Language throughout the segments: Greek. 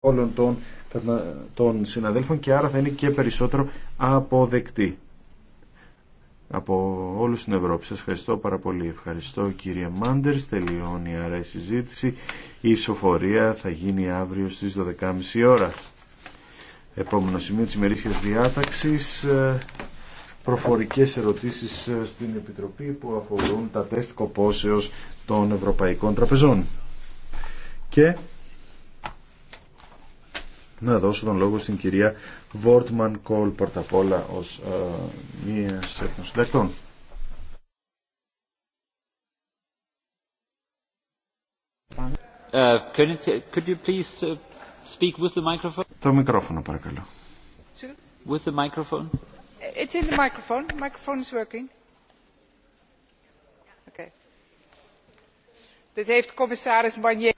όλων των, συναδέλφων και άρα θα είναι και περισσότερο αποδεκτή από όλους στην Ευρώπη. Σας ευχαριστώ πάρα πολύ. Ευχαριστώ κύριε Μάντερς. Τελειώνει άρα η συζήτηση. Η ίσοφορία θα γίνει αύριο στις 12.30 ώρα. Επόμενο σημείο της ημερήσιας διάταξης. Ε, προφορικές ερωτήσεις ε, στην Επιτροπή που αφορούν τα τεστ κοπόσεως των Ευρωπαϊκών Τραπεζών. Και να δώσω τον λόγο στην κυρία Βόρτμαν Κόλ Πορταπόλα ως μίας εθνοσυντακτών. could you please speak with the microphone? Το μικρόφωνο παρακαλώ. With the microphone. It's in the microphone. The microphone is working. Okay. Dit heeft commissaris Barnier.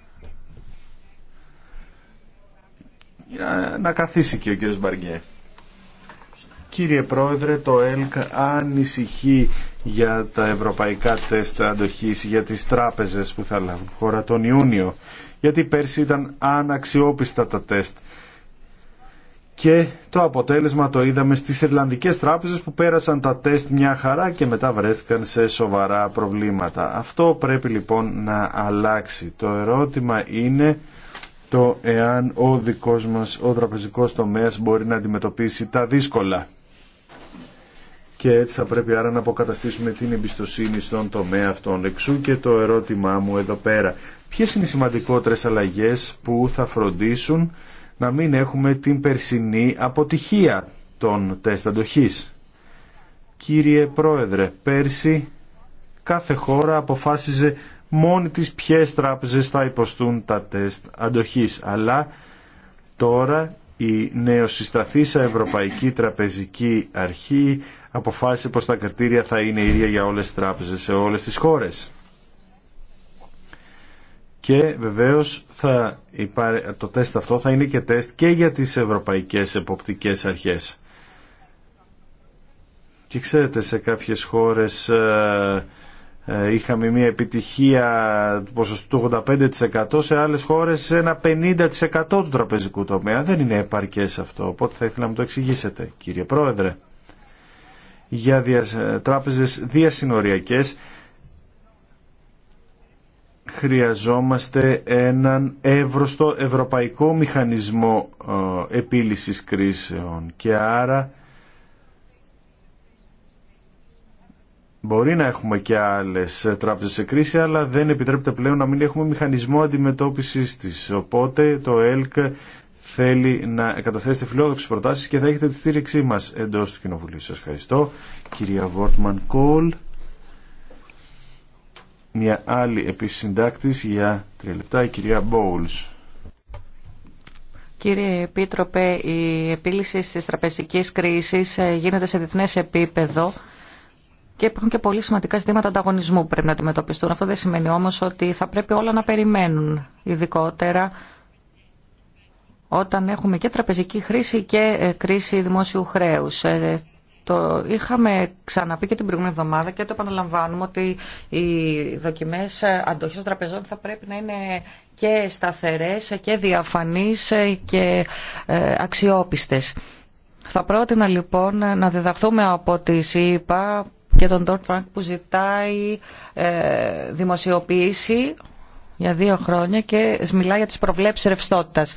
να καθίσει και ο κύριος Μπαργκέ. Κύριε Πρόεδρε, το ΕΛΚ ανησυχεί για τα ευρωπαϊκά τεστ αντοχής για τις τράπεζες που θα λάβουν χώρα τον Ιούνιο. Γιατί πέρσι ήταν αναξιόπιστα τα τεστ. Και το αποτέλεσμα το είδαμε στις Ιρλανδικές τράπεζες που πέρασαν τα τεστ μια χαρά και μετά βρέθηκαν σε σοβαρά προβλήματα. Αυτό πρέπει λοιπόν να αλλάξει. Το ερώτημα είναι το εάν ο δικός μας, ο τραπεζικός τομέας μπορεί να αντιμετωπίσει τα δύσκολα. Και έτσι θα πρέπει άρα να αποκαταστήσουμε την εμπιστοσύνη στον τομέα αυτών. Εξού και το ερώτημά μου εδώ πέρα. Ποιες είναι οι σημαντικότερες αλλαγές που θα φροντίσουν να μην έχουμε την περσινή αποτυχία των τεστ αντοχής. Κύριε Πρόεδρε, πέρσι κάθε χώρα αποφάσιζε μόνη της ποιες τράπεζες θα υποστούν τα τεστ αντοχής. Αλλά τώρα η νεοσυσταθήσα Ευρωπαϊκή Τραπεζική Αρχή αποφάσισε πως τα κριτήρια θα είναι ίδια για όλες τις τράπεζες σε όλες τις χώρες. Και βεβαίως θα το τεστ αυτό θα είναι και τεστ και για τις ευρωπαϊκές εποπτικές αρχές. Και ξέρετε σε κάποιες χώρες ε, ε, είχαμε μια επιτυχία του ποσοστού 85% σε άλλες χώρες ένα 50% του τραπεζικού τομέα. Δεν είναι επαρκές αυτό, οπότε θα ήθελα να μου το εξηγήσετε κύριε Πρόεδρε. Για τράπεζες διασυνοριακές χρειαζόμαστε έναν εύρωστο ευρωπαϊκό μηχανισμό ε, επίλυσης κρίσεων και άρα Μπορεί να έχουμε και άλλες τράπεζε σε κρίση, αλλά δεν επιτρέπεται πλέον να μην έχουμε μηχανισμό αντιμετώπισης της. Οπότε το ΕΛΚ θέλει να καταθέσετε φιλόδοξε προτάσεις και θα έχετε τη στήριξή μα εντό του Κοινοβουλίου. Σα ευχαριστώ. Κυρία Βόρτμαν Κόλ. Μια άλλη επίση συντάκτη για τρία λεπτά, η κυρία Μπόουλ. Κύριε Επίτροπε, η επίλυση τη τραπεζική κρίση ε, γίνεται σε διεθνέ επίπεδο και υπάρχουν και πολύ σημαντικά ζητήματα ανταγωνισμού που πρέπει να αντιμετωπιστούν. Αυτό δεν σημαίνει όμω ότι θα πρέπει όλα να περιμένουν, ειδικότερα όταν έχουμε και τραπεζική χρήση και ε, κρίση δημόσιου χρέους. Ε, το είχαμε ξαναπεί και την προηγούμενη εβδομάδα και το επαναλαμβάνουμε ότι οι δοκιμές αντοχής των τραπεζών θα πρέπει να είναι και σταθερές και διαφανείς και ε, αξιόπιστες. Θα πρότεινα λοιπόν να διδαχθούμε από τη ΣΥΠΑ και τον Ντόρτ Φρανκ που ζητάει ε, δημοσιοποίηση για δύο χρόνια και μιλάει για τις προβλέψεις ρευστότητας.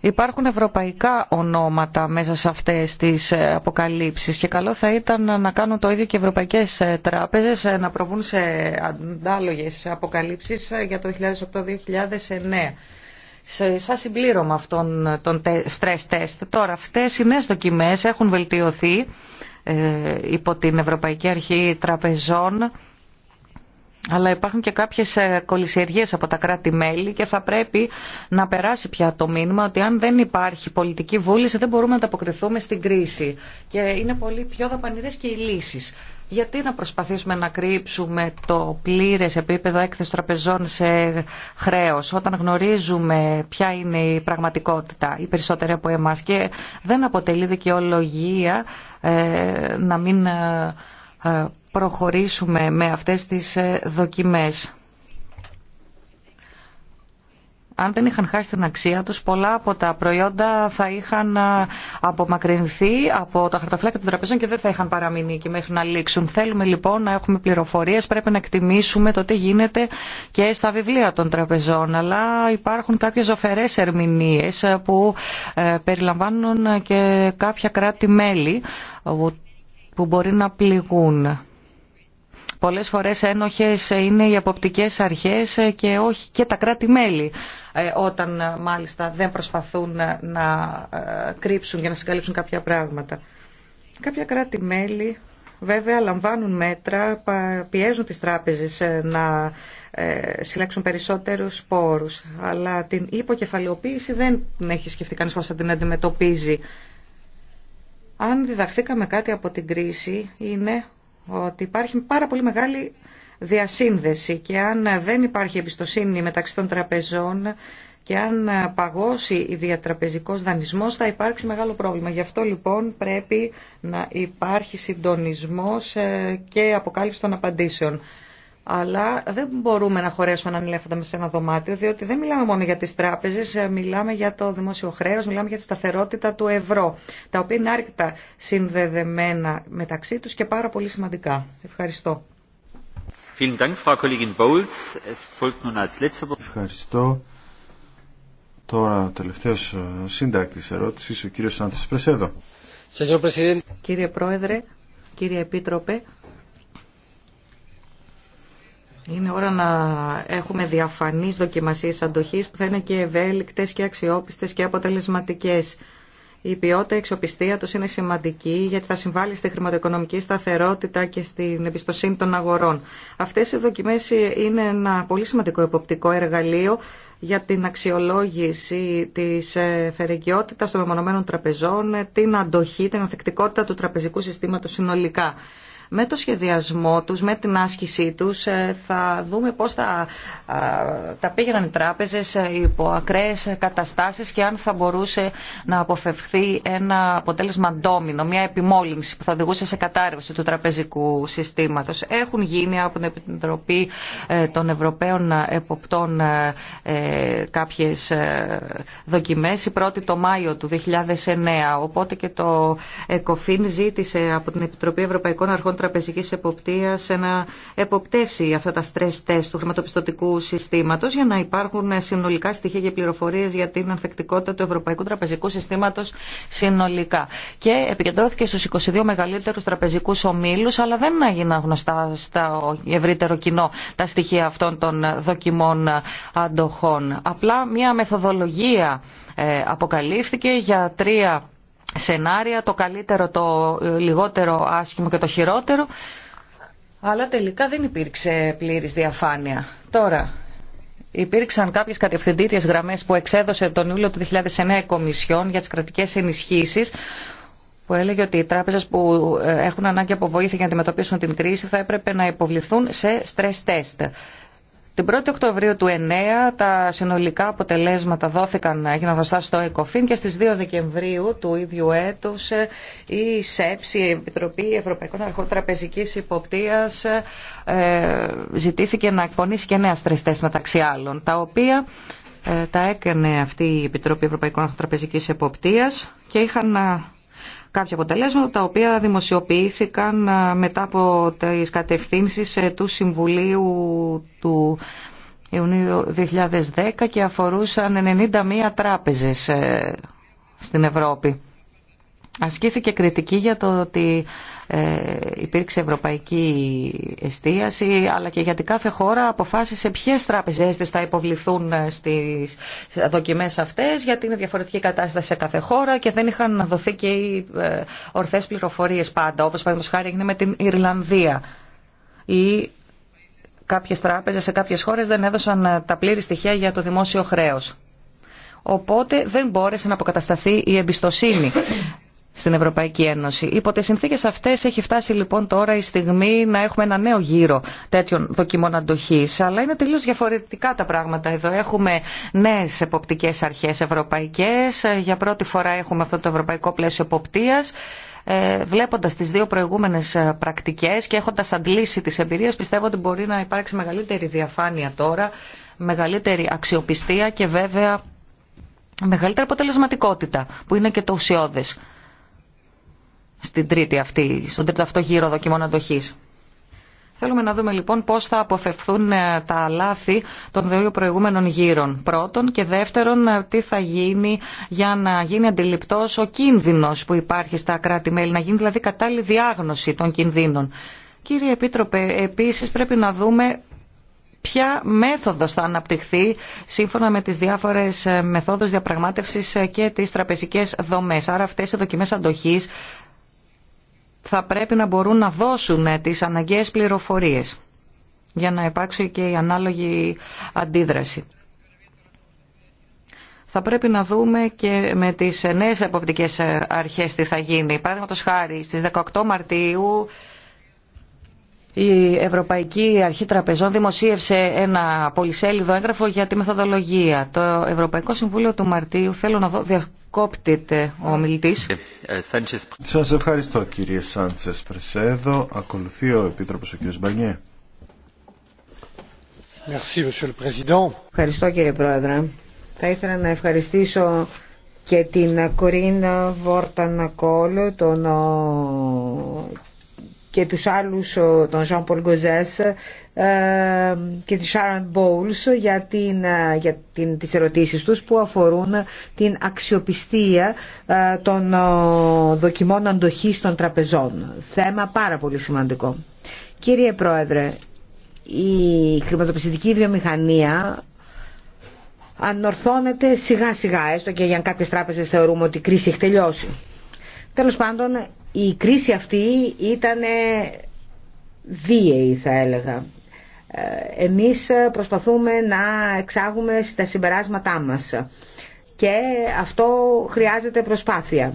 Υπάρχουν ευρωπαϊκά ονόματα μέσα σε αυτές τις ε, αποκαλύψεις και καλό θα ήταν να κάνουν το ίδιο και οι ευρωπαϊκές ε, τράπεζες να προβούν σε αντάλογες αποκαλύψεις για το 2008-2009. Σε σαν συμπλήρωμα αυτών των stress test. Τώρα αυτές οι νέες δοκιμές έχουν βελτιωθεί ε, υπό την Ευρωπαϊκή Αρχή Τραπεζών αλλά υπάρχουν και κάποιες ε, κολυσιεργίες από τα κράτη-μέλη και θα πρέπει να περάσει πια το μήνυμα ότι αν δεν υπάρχει πολιτική βούληση δεν μπορούμε να ανταποκριθούμε στην κρίση. Και είναι πολύ πιο δαπανηρές και οι λύσεις. Γιατί να προσπαθήσουμε να κρύψουμε το πλήρες επίπεδο έκθεση τραπεζών σε χρέος όταν γνωρίζουμε ποια είναι η πραγματικότητα, οι περισσότεροι από εμάς και δεν αποτελεί δικαιολογία ε, να μην ε, ε, προχωρήσουμε με αυτές τις δοκιμές αν δεν είχαν χάσει την αξία τους, πολλά από τα προϊόντα θα είχαν απομακρυνθεί από τα χαρτοφυλάκια των τραπεζών και δεν θα είχαν παραμείνει εκεί μέχρι να λήξουν. Θέλουμε λοιπόν να έχουμε πληροφορίες, πρέπει να εκτιμήσουμε το τι γίνεται και στα βιβλία των τραπεζών. Αλλά υπάρχουν κάποιες ζωφερές ερμηνείες που ε, περιλαμβάνουν και κάποια κράτη-μέλη που μπορεί να πληγούν. Πολλές φορές ένοχες είναι οι αποπτικές αρχές και όχι και τα κράτη-μέλη. Ε, όταν ε, μάλιστα δεν προσπαθούν ε, να κρύψουν για να συγκαλύψουν κάποια πράγματα. Κάποια κράτη-μέλη βέβαια λαμβάνουν μέτρα, πιέζουν τις τράπεζες να συλλέξουν περισσότερους σπόρους. Αλλά την υποκεφαλαιοποίηση δεν έχει σκεφτεί κανείς πώς θα την αντιμετωπίζει. Αν διδαχθήκαμε κάτι από την κρίση είναι ότι υπάρχει πάρα πολύ μεγάλη διασύνδεση και αν δεν υπάρχει εμπιστοσύνη μεταξύ των τραπεζών και αν παγώσει η διατραπεζικός δανεισμός θα υπάρξει μεγάλο πρόβλημα. Γι' αυτό λοιπόν πρέπει να υπάρχει συντονισμός ε, και αποκάλυψη των απαντήσεων. Αλλά δεν μπορούμε να χωρέσουμε έναν ελέφαντα μέσα σε ένα δωμάτιο, διότι δεν μιλάμε μόνο για τις τράπεζες, ε, μιλάμε για το δημόσιο χρέος, μιλάμε για τη σταθερότητα του ευρώ, τα οποία είναι άρρηκτα συνδεδεμένα μεταξύ τους και πάρα πολύ σημαντικά. Ευχαριστώ. Ευχαριστώ. Τώρα ο τελευταίος ε, συντάκτης ερώτησης, ο κύριος Σάντης Πρεσέδο. Κύριε Πρόεδρε, κύριε Επίτροπε, είναι ώρα να έχουμε διαφανείς δοκιμασίες αντοχής που θα είναι και ευέλικτες και αξιόπιστες και αποτελεσματικές η ποιότητα, η εξοπιστία είναι σημαντική γιατί θα συμβάλλει στη χρηματοοικονομική σταθερότητα και στην εμπιστοσύνη των αγορών. Αυτές οι δοκιμές είναι ένα πολύ σημαντικό εποπτικό εργαλείο για την αξιολόγηση της φερεγγιότητας των μεμονωμένων τραπεζών, την αντοχή, την ανθεκτικότητα του τραπεζικού συστήματος συνολικά με το σχεδιασμό τους, με την άσκησή τους ε, θα δούμε πώς θα τα πήγαιναν οι τράπεζες ε, υπό ακραίες καταστάσεις και αν θα μπορούσε να αποφευχθεί ένα αποτέλεσμα ντόμινο, μια επιμόλυνση που θα οδηγούσε σε κατάρρευση του τραπεζικού συστήματος. Έχουν γίνει από την Επιτροπή ε, των Ευρωπαίων Εποπτών κάποιες δοκιμές, η πρώτη το Μάιο του 2009, οπότε και το ΕΚΟΦΗΝ ζήτησε από την Επιτροπή Ευρωπαϊκών Αρχών τραπεζικής εποπτείας να εποπτεύσει αυτά τα stress test του χρηματοπιστωτικού συστήματος για να υπάρχουν συνολικά στοιχεία και πληροφορίες για την ανθεκτικότητα του Ευρωπαϊκού Τραπεζικού Συστήματος συνολικά. Και επικεντρώθηκε στους 22 μεγαλύτερους τραπεζικούς ομίλους, αλλά δεν έγιναν γνωστά στο ευρύτερο κοινό τα στοιχεία αυτών των δοκιμών αντοχών. Απλά μια μεθοδολογία ε, αποκαλύφθηκε για τρία σενάρια, το καλύτερο, το ε, λιγότερο άσχημο και το χειρότερο, αλλά τελικά δεν υπήρξε πλήρης διαφάνεια. Τώρα, υπήρξαν κάποιες κατευθυντήριες γραμμές που εξέδωσε τον Ιούλιο του 2009 η Κομισιόν για τις κρατικές ενισχύσεις, που έλεγε ότι οι τράπεζες που ε, έχουν ανάγκη από βοήθεια για να αντιμετωπίσουν την κρίση θα έπρεπε να υποβληθούν σε stress test. Την 1η Οκτωβρίου του 2009 τα συνολικά αποτελέσματα δόθηκαν, έγιναν γνωστά στο ΕΚΟΦΗΝ και στις 2 Δεκεμβρίου του ίδιου έτους η ΣΕΠΣ, η Επιτροπή Ευρωπαϊκών Αρχών Τραπεζικής Υποπτίας ε, ζητήθηκε να εκπονήσει και νέα στρεστές μεταξύ άλλων, τα οποία ε, τα έκανε αυτή η Επιτροπή Ευρωπαϊκών Αρχών Τραπεζικής Υποπτίας και είχαν κάποια αποτελέσματα τα οποία δημοσιοποιήθηκαν ε, μετά από τις κατευθύνσεις ε, του Συμβουλίου του Ιουνίου 2010 και αφορούσαν 91 τράπεζες ε, στην Ευρώπη. Ασκήθηκε κριτική για το ότι ε, υπήρξε ευρωπαϊκή εστίαση, αλλά και γιατί κάθε χώρα αποφάσισε ποιε τράπεζε θα υποβληθούν ε, στι δοκιμέ αυτέ, γιατί είναι διαφορετική κατάσταση σε κάθε χώρα και δεν είχαν δοθεί και οι ε, ορθέ πληροφορίε πάντα, όπω παραδείγματο χάρη έγινε με την Ιρλανδία. Ή κάποιε τράπεζε σε κάποιε χώρε δεν έδωσαν τα πλήρη στοιχεία για το δημόσιο χρέο. Οπότε δεν μπόρεσε να αποκατασταθεί η εμπιστοσύνη στην Ευρωπαϊκή Ένωση. Υπό τι συνθήκε αυτέ έχει φτάσει λοιπόν τώρα η στιγμή να έχουμε ένα νέο γύρο τέτοιων δοκιμών αντοχή. Αλλά είναι τελείω διαφορετικά τα πράγματα εδώ. Έχουμε νέε εποπτικέ αρχέ ευρωπαϊκέ. Για πρώτη φορά έχουμε αυτό το ευρωπαϊκό πλαίσιο εποπτεία ε, βλέποντας τις δύο προηγούμενες πρακτικές και έχοντας αντλήσει τις εμπειρίες πιστεύω ότι μπορεί να υπάρξει μεγαλύτερη διαφάνεια τώρα, μεγαλύτερη αξιοπιστία και βέβαια μεγαλύτερη αποτελεσματικότητα που είναι και το ουσιώδες στην τρίτη αυτή, στον τρίτο αυτό γύρο δοκιμών αντοχή. Θέλουμε να δούμε λοιπόν πώς θα αποφευθούν ε, τα λάθη των δύο προηγούμενων γύρων. Πρώτον και δεύτερον ε, τι θα γίνει για να γίνει αντιληπτός ο κίνδυνος που υπάρχει στα κράτη-μέλη, να γίνει δηλαδή κατάλληλη διάγνωση των κινδύνων. Κύριε Επίτροπε, επίσης πρέπει να δούμε ποια μέθοδος θα αναπτυχθεί σύμφωνα με τις διάφορες ε, μεθόδους διαπραγμάτευσης και τις τραπεζικές δομές. Άρα αυτές οι δοκιμές αντοχής θα πρέπει να μπορούν να δώσουν ε, τις αναγκαίες πληροφορίες για να υπάρξει και η ανάλογη αντίδραση. Θα πρέπει να δούμε και με τις νέες εποπτικές ε, αρχές τι θα γίνει. Παραδείγματο χάρη, στις 18 Μαρτίου η Ευρωπαϊκή Αρχή Τραπεζών δημοσίευσε ένα πολυσέλιδο έγγραφο για τη μεθοδολογία. Το Ευρωπαϊκό Συμβούλιο του Μαρτίου, θέλω να δω, Κόπτεται ο ε, ε, Σας ευχαριστώ κύριε Σάντσες Πρεσέδο. Ακολουθεί ο Επίτροπος ο κ. Μπανιέ. Ευχαριστώ κύριε Πρόεδρε. Θα ήθελα να ευχαριστήσω και την Κορίνα Βόρταν τον, και τους άλλους, τον Ζαν Πολ και τη Sharon Bowles για, την, ε, για την, τις ερωτήσεις τους που αφορούν την αξιοπιστία ε, των ε, δοκιμών αντοχής των τραπεζών. Θέμα πάρα πολύ σημαντικό. Κύριε Πρόεδρε, η χρηματοπιστική βιομηχανία ανορθώνεται σιγά σιγά, έστω και για κάποιες τράπεζες θεωρούμε ότι η κρίση έχει τελειώσει. Τέλος πάντων, η κρίση αυτή ήταν δίαιη θα έλεγα ε, εμείς προσπαθούμε να εξάγουμε στα συμπεράσματά μας. Και αυτό χρειάζεται προσπάθεια.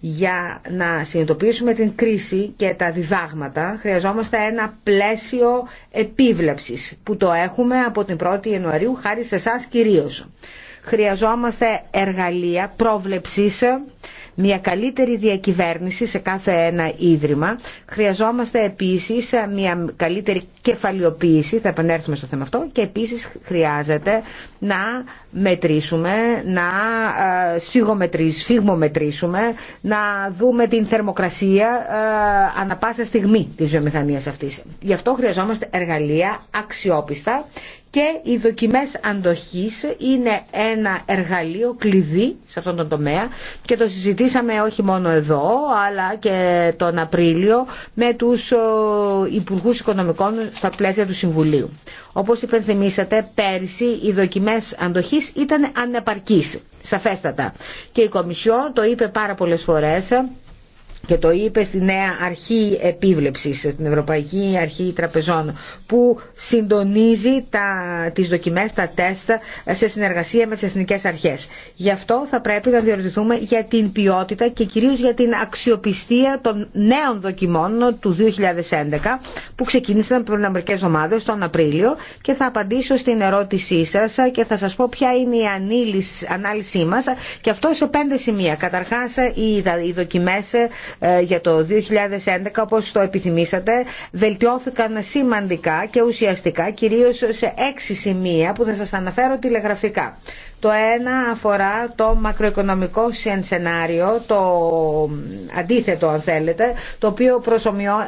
Για να συνειδητοποιήσουμε την κρίση και τα διδάγματα χρειαζόμαστε ένα πλαίσιο επίβλεψης που το έχουμε από την 1η Ιανουαρίου χάρη σε εσά κυρίως. Χρειαζόμαστε εργαλεία πρόβλεψης, μια καλύτερη διακυβέρνηση σε κάθε ένα ίδρυμα. Χρειαζόμαστε επίσης μια καλύτερη κεφαλιοποίηση, θα επανέλθουμε στο θέμα αυτό, και επίσης χρειάζεται να μετρήσουμε, να ε, σφιγμομετρήσουμε, να δούμε την θερμοκρασία ε, ανα πάσα στιγμή της βιομηχανίας αυτής. Γι' αυτό χρειαζόμαστε εργαλεία αξιόπιστα και οι δοκιμές αντοχής είναι ένα εργαλείο κλειδί σε αυτόν τον τομέα και το συζητήσαμε όχι μόνο εδώ αλλά και τον Απρίλιο με τους Υπουργούς Οικονομικών στα πλαίσια του Συμβουλίου. Όπως υπενθυμίσατε, πέρυσι οι δοκιμές αντοχής ήταν ανεπαρκείς, σαφέστατα. Και η Κομισιόν το είπε πάρα πολλές φορές και το είπε στη νέα αρχή επίβλεψης, στην Ευρωπαϊκή Αρχή Τραπεζών, που συντονίζει τα, τις δοκιμές, τα τεστ σε συνεργασία με τις εθνικές αρχές. Γι' αυτό θα πρέπει να διορτηθούμε για την ποιότητα και κυρίως για την αξιοπιστία των νέων δοκιμών του 2011 που ξεκίνησαν πριν μερικέ ομάδες τον Απρίλιο και θα απαντήσω στην ερώτησή σας και θα σας πω ποια είναι η ανάλυση μας και αυτό σε πέντε σημεία. Καταρχάς οι δοκιμές ε, για το 2011, όπως το επιθυμήσατε, βελτιώθηκαν σημαντικά και ουσιαστικά, κυρίως σε έξι σημεία που θα σας αναφέρω τηλεγραφικά. Το ένα αφορά το μακροοικονομικό σενάριο, το αντίθετο αν θέλετε, το οποίο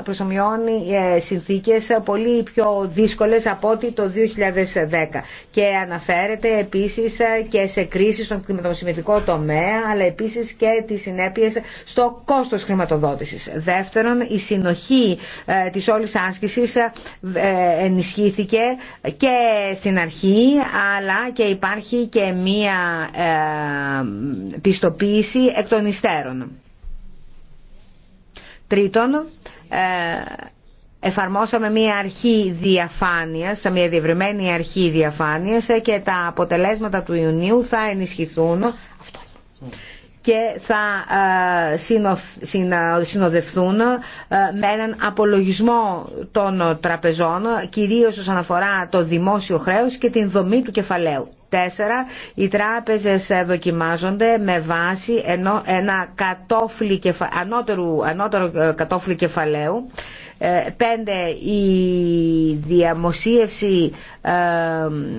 προσωμιώνει ε, συνθήκες πολύ πιο δύσκολες από ό,τι το 2010 και αναφέρεται επίσης ε, και σε κρίση στον χρηματοσυμμετικό τομέα αλλά επίσης και τις συνέπειες στο κόστος χρηματοδότησης. Δεύτερον, η συνοχή ε, της όλης άσκησης ενισχύθηκε και στην αρχή αλλά και υπάρχει και μία ε, πιστοποίηση εκ των υστέρων. Τρίτον, ε, εφαρμόσαμε μία αρχή διαφάνειας, μία διευρυμένη αρχή διαφάνειας και τα αποτελέσματα του Ιουνίου θα ενισχυθούν αυτό και θα ε, συνοδευθούν με έναν απολογισμό των τραπεζών, κυρίως όσον αφορά το δημόσιο χρέος και την δομή του κεφαλαίου. 4. οι τράπεζες δοκιμάζονται με βάση ενώ ένα κατόφλι ανώτερου, ανώτερο ε, κατόφλι κεφαλαίου. 5. Ε, η διαμοσίευση ε,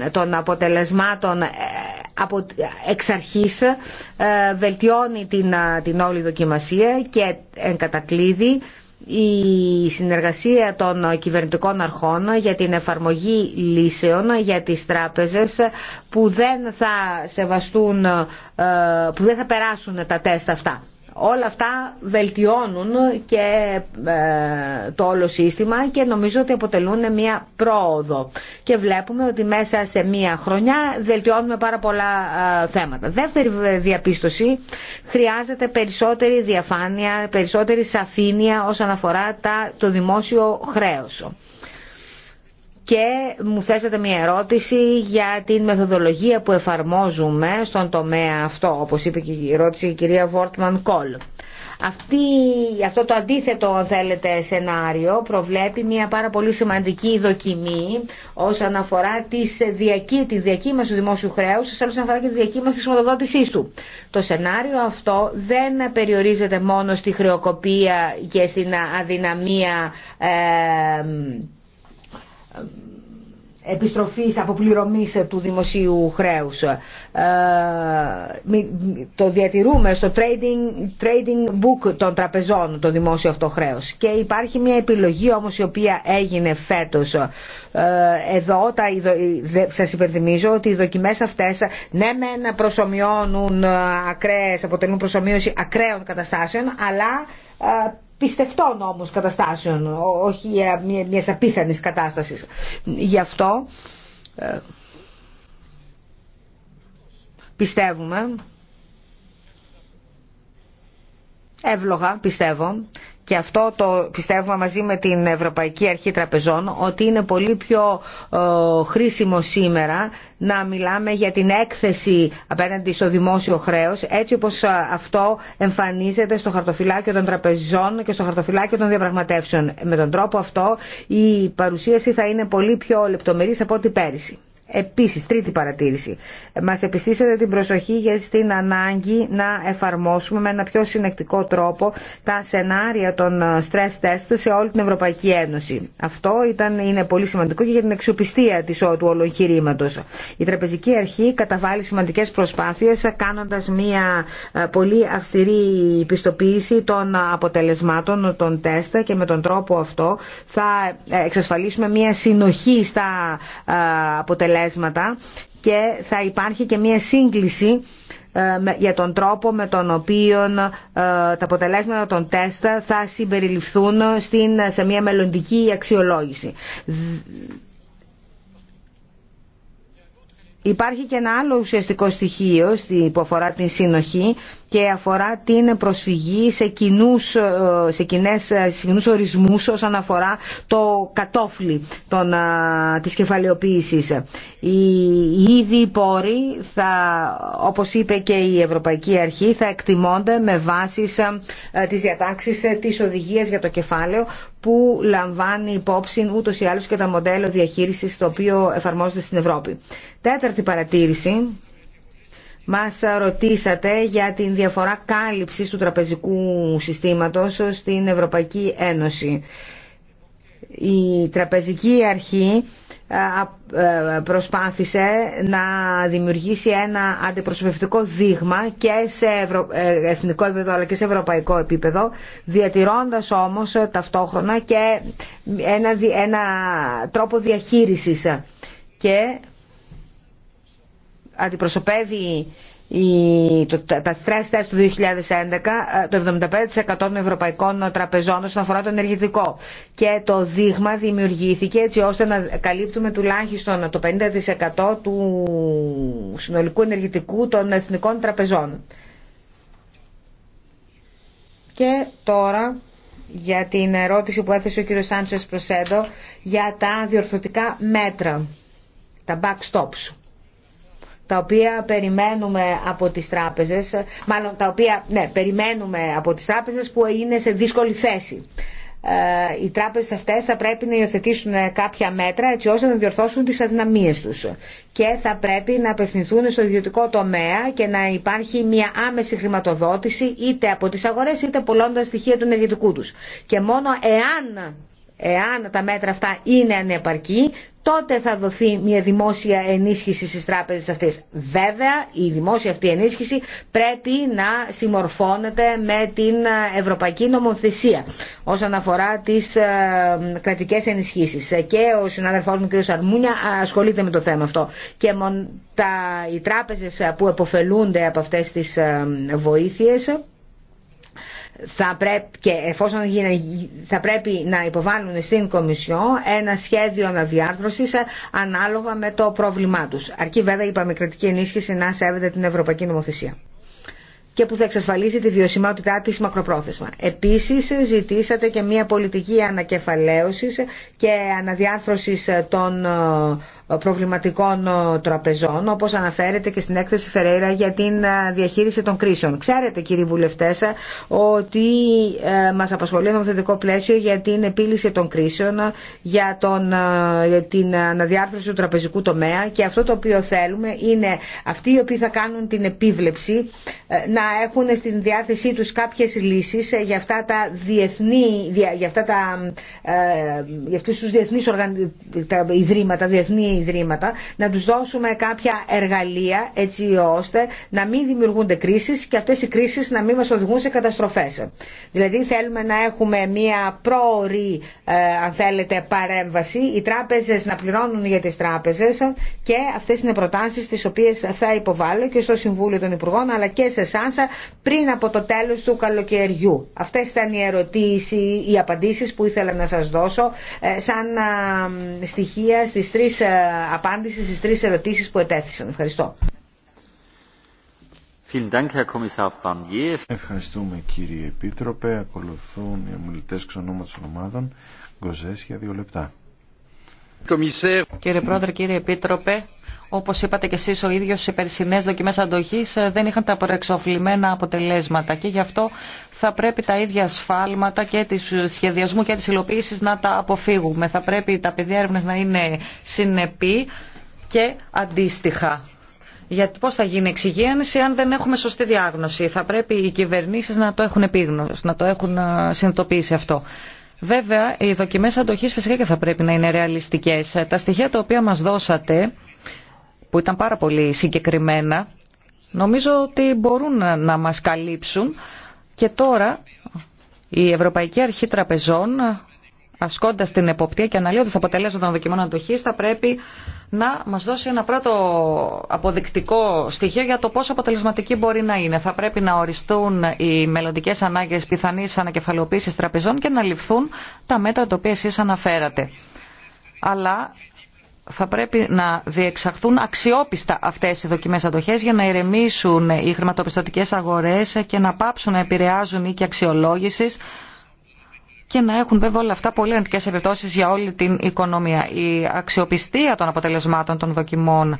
των αποτελεσμάτων από, εξ αρχής βελτιώνει την, την όλη δοκιμασία και εν η συνεργασία των κυβερνητικών αρχών για την εφαρμογή λύσεων για τις τράπεζες που δεν θα σεβαστούν, ε, που δεν θα περάσουν τα τεστ αυτά όλα αυτά βελτιώνουν και ε, το όλο σύστημα και νομίζω ότι αποτελούν μια πρόοδο και βλέπουμε ότι μέσα σε μια χρονιά βελτιώνουμε πάρα πολλά ε, θέματα. Δεύτερη ε, διαπίστωση χρειάζεται περισσότερη διαφάνεια, περισσότερη σαφήνεια όσον αφορά το δημόσιο χρέος και μου θέσατε μια ερώτηση για την μεθοδολογία που εφαρμόζουμε στον τομέα αυτό, όπως είπε και η ερώτηση η κυρία Βόρτμαν Κόλ. Αυτή, αυτό το αντίθετο αν θέλετε σενάριο προβλέπει μια πάρα πολύ σημαντική δοκιμή όσον αφορά τις διακή τη διακύμαση του δημόσιου χρέους όσον αφορά και τη διακύμαση τη χρηματοδότησής του. Το σενάριο αυτό δεν περιορίζεται μόνο στη χρεοκοπία και στην αδυναμία ε, επιστροφής αποπληρωμής του δημοσίου χρέους. Ε, το διατηρούμε στο trading, trading book των τραπεζών το δημόσιο αυτό χρέος. Και υπάρχει μια επιλογή όμως η οποία έγινε φέτος. Ε, εδώ τα, ε, σας υπενθυμίζω ότι οι δοκιμές αυτές ναι μεν προσωμιώνουν ακραίες, αποτελούν προσωμείωση ακραίων καταστάσεων αλλά πιστευτών όμω καταστάσεων, όχι μια απίθανης κατάστασης. Γι' αυτό ε, πιστεύουμε, εύλογα πιστεύω, και αυτό το πιστεύουμε μαζί με την Ευρωπαϊκή Αρχή Τραπεζών ότι είναι πολύ πιο ε, χρήσιμο σήμερα να μιλάμε για την έκθεση απέναντι στο δημόσιο χρέος έτσι όπως ε, αυτό εμφανίζεται στο χαρτοφυλάκιο των τραπεζών και στο χαρτοφυλάκιο των διαπραγματεύσεων. Με τον τρόπο αυτό η παρουσίαση θα είναι πολύ πιο λεπτομερής από ό,τι πέρυσι. Επίσης, τρίτη παρατήρηση. Μας επιστήσατε την προσοχή για την ανάγκη να εφαρμόσουμε με ένα πιο συνεκτικό τρόπο τα σενάρια των stress test σε όλη την Ευρωπαϊκή Ένωση. Αυτό ήταν, είναι πολύ σημαντικό και για την αξιοπιστία της, του ολοχηρήματος. Η Τραπεζική Αρχή καταβάλει σημαντικές προσπάθειες κάνοντας μια ε, πολύ αυστηρή πιστοποίηση των αποτελεσμάτων των τεστ και με τον τρόπο αυτό θα ε, εξασφαλίσουμε μια συνοχή στα ε, αποτελέσματα και θα υπάρχει και μια σύγκληση ε, για τον τρόπο με τον οποίο ε, τα αποτελέσματα των τεστ θα συμπεριληφθούν στην, σε μια μελλοντική αξιολόγηση. Υπάρχει και ένα άλλο ουσιαστικό στοιχείο που αφορά την συνοχή και αφορά την προσφυγή σε κοινούς, ε, σε κοινές, ε, σε κοινούς ορισμούς όσον αφορά το κατόφλι των, ε, της κεφαλαιοποίησης. Οι, οι πόροι, θα, όπως είπε και η Ευρωπαϊκή Αρχή, θα εκτιμώνται με βάση τις διατάξεις της οδηγίας για το κεφάλαιο που λαμβάνει υπόψη ούτως ή άλλως και τα μοντέλο διαχείρισης το οποίο εφαρμόζεται στην Ευρώπη. Τέταρτη παρατήρηση μας ρωτήσατε για την διαφορά κάλυψης του τραπεζικού συστήματος στην Ευρωπαϊκή Ένωση. Η τραπεζική αρχή ε, ε, προσπάθησε να δημιουργήσει ένα αντιπροσωπευτικό δείγμα και σε ε, εθνικό επίπεδο αλλά και σε ευρωπαϊκό επίπεδο διατηρώντας όμως ταυτόχρονα και ένα, ένα τρόπο διαχείρισης και αντιπροσωπεύει η, τα stress test του 2011 ε, το 75% των ευρωπαϊκών τραπεζών όσον αφορά το ενεργητικό και το δείγμα δημιουργήθηκε έτσι ώστε να καλύπτουμε τουλάχιστον το 50% του συνολικού ενεργητικού των εθνικών τραπεζών. Και τώρα για την ερώτηση που έθεσε ο κύριος Σάντσες Προσέντο για τα διορθωτικά μέτρα, τα backstops τα οποία περιμένουμε από τις τράπεζες, μάλλον τα οποία ναι, περιμένουμε από τις τράπεζες που είναι σε δύσκολη θέση. Ε, οι τράπεζες αυτές θα πρέπει να υιοθετήσουν κάποια μέτρα έτσι ώστε να διορθώσουν τις αδυναμίες τους και θα πρέπει να απευθυνθούν στο ιδιωτικό τομέα και να υπάρχει μια άμεση χρηματοδότηση είτε από τις αγορές είτε πολλών στοιχεία του ενεργητικού τους. Και μόνο εάν Εάν τα μέτρα αυτά είναι ανεπαρκή, τότε θα δοθεί μια δημόσια ενίσχυση στις τράπεζες αυτές. Βέβαια, η δημόσια αυτή ενίσχυση πρέπει να συμμορφώνεται με την ευρωπαϊκή νομοθεσία όσον αφορά τις ε, κρατικές ενισχύσεις. Και ο συνάδελφός μου κ. Σαρμούνια ασχολείται με το θέμα αυτό. Και τα, οι τράπεζες που αποφελούνται από αυτές τις ε, βοήθειες θα πρέπει, και εφόσον θα πρέπει να υποβάλουν στην Κομισιό ένα σχέδιο αναδιάρθρωσης ανάλογα με το πρόβλημά τους. Αρκεί βέβαια η παμικρατική ενίσχυση να σέβεται την Ευρωπαϊκή Νομοθεσία και που θα εξασφαλίσει τη βιωσιμότητά της μακροπρόθεσμα. Επίσης ζητήσατε και μια πολιτική ανακεφαλαίωσης και αναδιάρθρωσης των προβληματικών ε, τραπεζών, όπω αναφέρεται και στην έκθεση Φερέιρα για την ε, διαχείριση των κρίσεων. Ξέρετε κύριοι βουλευτέ, ε, ότι μα απασχολεί θετικό πλαίσιο για την επίλυση των κρίσεων, για, τον, την αναδιάρθρωση του τραπεζικού τομέα και αυτό το οποίο θέλουμε είναι αυτοί οι οποίοι θα κάνουν την επίβλεψη να έχουν στην διάθεσή του κάποιε λύσει για αυτά τα διεθνή, για αυτά τα, για τους διεθνείς τα ιδρύματα, διεθνή ιδρύματα, να τους δώσουμε κάποια εργαλεία έτσι ώστε να μην δημιουργούνται κρίσεις και αυτές οι κρίσεις να μην μας οδηγούν σε καταστροφές. Δηλαδή θέλουμε να έχουμε μία πρόορη, ε, αν θέλετε, παρέμβαση, οι τράπεζες να πληρώνουν για τις τράπεζες και αυτές είναι προτάσεις τις οποίες θα υποβάλλω και στο Συμβούλιο των Υπουργών αλλά και σε εσά πριν από το τέλος του καλοκαιριού. Αυτές ήταν οι ερωτήσεις, οι απαντήσεις που ήθελα να σας δώσω ε, σαν ε, στοιχεία στις τρεις απάντηση στις τρεις ερωτήσεις που ετέθησαν. Ευχαριστώ. Ευχαριστούμε κύριε Επίτροπε. Ακολουθούν οι ομιλητές ξενόματος ομάδων. Γκοζές για δύο λεπτά. Κύριε Πρόεδρε, κύριε Επίτροπε, Όπω είπατε και εσεί ο ίδιο, οι περσινέ δοκιμέ αντοχή ε, δεν είχαν τα προεξοφλημένα αποτελέσματα και γι' αυτό θα πρέπει τα ίδια σφάλματα και τη ε, σχεδιασμού και τη υλοποίηση να τα αποφύγουμε. Θα πρέπει τα παιδιά έρευνε να είναι συνεπή και αντίστοιχα. Γιατί πώ θα γίνει εξυγίανση αν δεν έχουμε σωστή διάγνωση. Θα πρέπει οι κυβερνήσει να το έχουν επίγνωση, να το έχουν ε, συνειδητοποιήσει αυτό. Βέβαια, οι δοκιμέ αντοχή φυσικά και θα πρέπει να είναι ρεαλιστικέ. Τα στοιχεία τα οποία μα δώσατε που ήταν πάρα πολύ συγκεκριμένα, νομίζω ότι μπορούν να μας καλύψουν και τώρα η Ευρωπαϊκή Αρχή Τραπεζών ασκώντας την εποπτεία και αναλύοντας τα αποτελέσματα των δοκιμών αντοχής, θα πρέπει να μας δώσει ένα πρώτο αποδεικτικό στοιχείο για το πόσο αποτελεσματική μπορεί να είναι. Θα πρέπει να οριστούν οι μελλοντικέ ανάγκε πιθανής ανακεφαλαιοποίηση τραπεζών και να ληφθούν τα μέτρα τα οποία εσεί αναφέρατε. Αλλά θα πρέπει να διεξαχθούν αξιόπιστα αυτές οι δοκιμές αντοχές για να ηρεμήσουν οι χρηματοπιστωτικές αγορές και να πάψουν να επηρεάζουν οίκοι αξιολόγησης και να έχουν βέβαια όλα αυτά πολύ αρνητικές επιπτώσεις για όλη την οικονομία. Η αξιοπιστία των αποτελεσμάτων των δοκιμών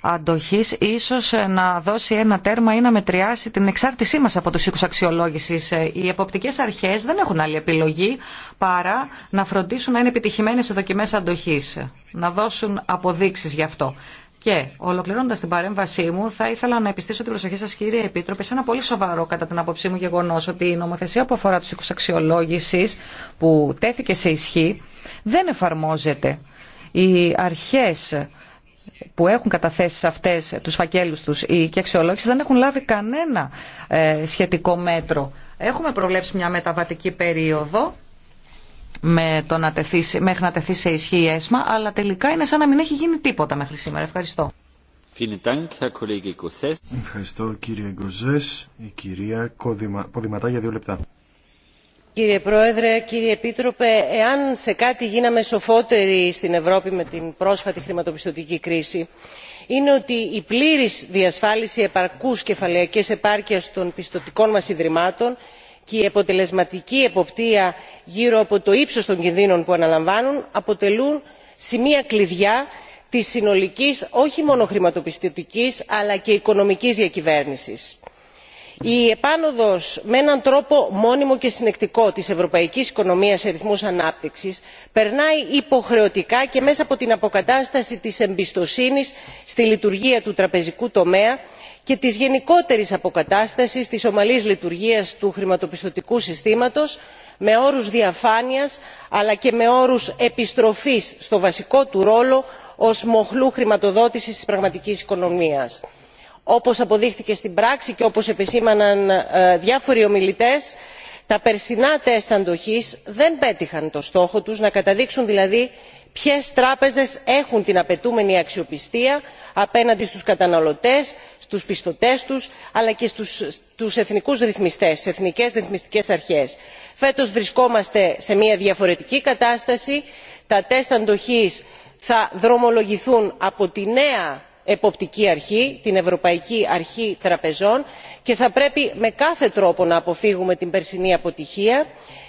αντοχής ίσως ε, να δώσει ένα τέρμα ή να μετριάσει την εξάρτησή μας από τους οίκους αξιολόγησης. Ε, οι εποπτικές αρχές δεν έχουν άλλη επιλογή παρά να φροντίσουν να είναι επιτυχημένες οι δοκιμές αντοχής, να δώσουν αποδείξεις γι' αυτό. Και ολοκληρώνοντα την παρέμβασή μου, θα ήθελα να επιστήσω την προσοχή σα, κύριε Επίτροπε, σε ένα πολύ σοβαρό, κατά την άποψή μου, γεγονό ότι η νομοθεσία που αφορά του οίκου αξιολόγηση που τέθηκε σε ισχύ δεν εφαρμόζεται. Οι αρχέ που έχουν καταθέσει αυτές τους φακέλους τους οι και αξιολόγηση δεν έχουν λάβει κανένα ε, σχετικό μέτρο. Έχουμε προβλέψει μια μεταβατική περίοδο με το να τεθεί, μέχρι να τεθεί σε ισχύ η ΕΣΜΑ, αλλά τελικά είναι σαν να μην έχει γίνει τίποτα μέχρι σήμερα. Ευχαριστώ. Ευχαριστώ κύριε Γκοζές. Η κυρία Ποδηματά για δύο λεπτά κύριε πρόεδρε κύριε επίτροπε εάν σε κάτι γίναμε σοφότεροι στην ευρώπη με την πρόσφατη χρηματοπιστωτική κρίση είναι ότι η πλήρης διασφάλιση επαρκούς κεφαλαιακής επάρκειας των πιστωτικών μας ιδρυμάτων και η αποτελεσματική εποπτεία γύρω από το ύψος των κινδύνων που αναλαμβάνουν αποτελούν σημεία κλειδιά της συνολικής όχι μόνο χρηματοπιστωτικής αλλά και οικονομικής διακυβέρνησης η επάνωδος με έναν τρόπο μόνιμο και συνεκτικό της ευρωπαϊκής οικονομίας σε ρυθμούς ανάπτυξης περνάει υποχρεωτικά και μέσα από την αποκατάσταση της εμπιστοσύνης στη λειτουργία του τραπεζικού τομέα και της γενικότερης αποκατάστασης της ομαλής λειτουργίας του χρηματοπιστωτικού συστήματος με όρους διαφάνειας αλλά και με όρους επιστροφής στο βασικό του ρόλο ως μοχλού χρηματοδότησης της πραγματικής οικονομίας όπως αποδείχθηκε στην πράξη και όπως επεσήμαναν ε, διάφοροι ομιλητές τα περσινά τεστ αντοχής δεν πέτυχαν το στόχο τους να καταδείξουν δηλαδή ποιες τράπεζες έχουν την απαιτούμενη αξιοπιστία απέναντι στους καταναλωτές στους πιστωτές τους αλλά και στους εθνικούς ρυθμιστές στις εθνικές ρυθμιστικές αρχές. φέτος βρισκόμαστε σε μια διαφορετική κατάσταση τα τεστ αντοχής θα δρομολογηθούν από τη νέα εποπτική αρχή την ευρωπαϊκή αρχή τραπεζών και θα πρέπει με κάθε τρόπο να αποφύγουμε την περσινή αποτυχία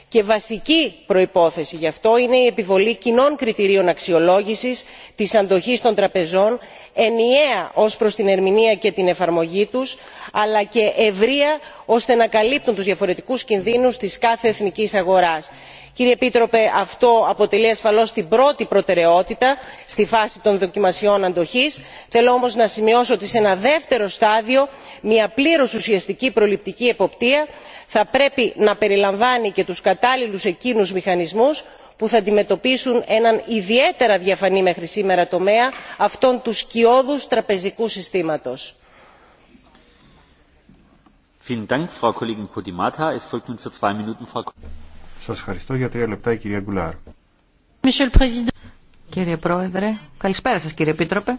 και βασική προϋπόθεση γι' αυτό είναι η επιβολή κοινών κριτηρίων αξιολόγησης της αντοχής των τραπεζών ενιαία ως προς την ερμηνεία και την εφαρμογή τους αλλά και ευρεία ώστε να καλύπτουν τους διαφορετικούς κινδύνους της κάθε εθνικής αγοράς. κύριε επίτροπε αυτό αποτελεί ασφαλώς την πρώτη προτεραιότητα στη φάση των δοκιμασιών αντοχής. θέλω όμως να σημειώσω ότι σε ένα δεύτερο στάδιο μια πλήρως ουσιαστική προληπτική εποπτεία θα πρέπει να περιλαμβάνει και τους κατάλληλους εκείνους μηχανισμούς που θα αντιμετωπίσουν έναν ιδιαίτερα διαφανή μέχρι σήμερα τομέα αυτόν του σκιώδους τραπεζικού συστήματος. Σας ευχαριστώ για τρία λεπτά η κυρία Γκουλάρ. Κύριε Πρόεδρε, καλησπέρα σας κύριε Επίτροπε.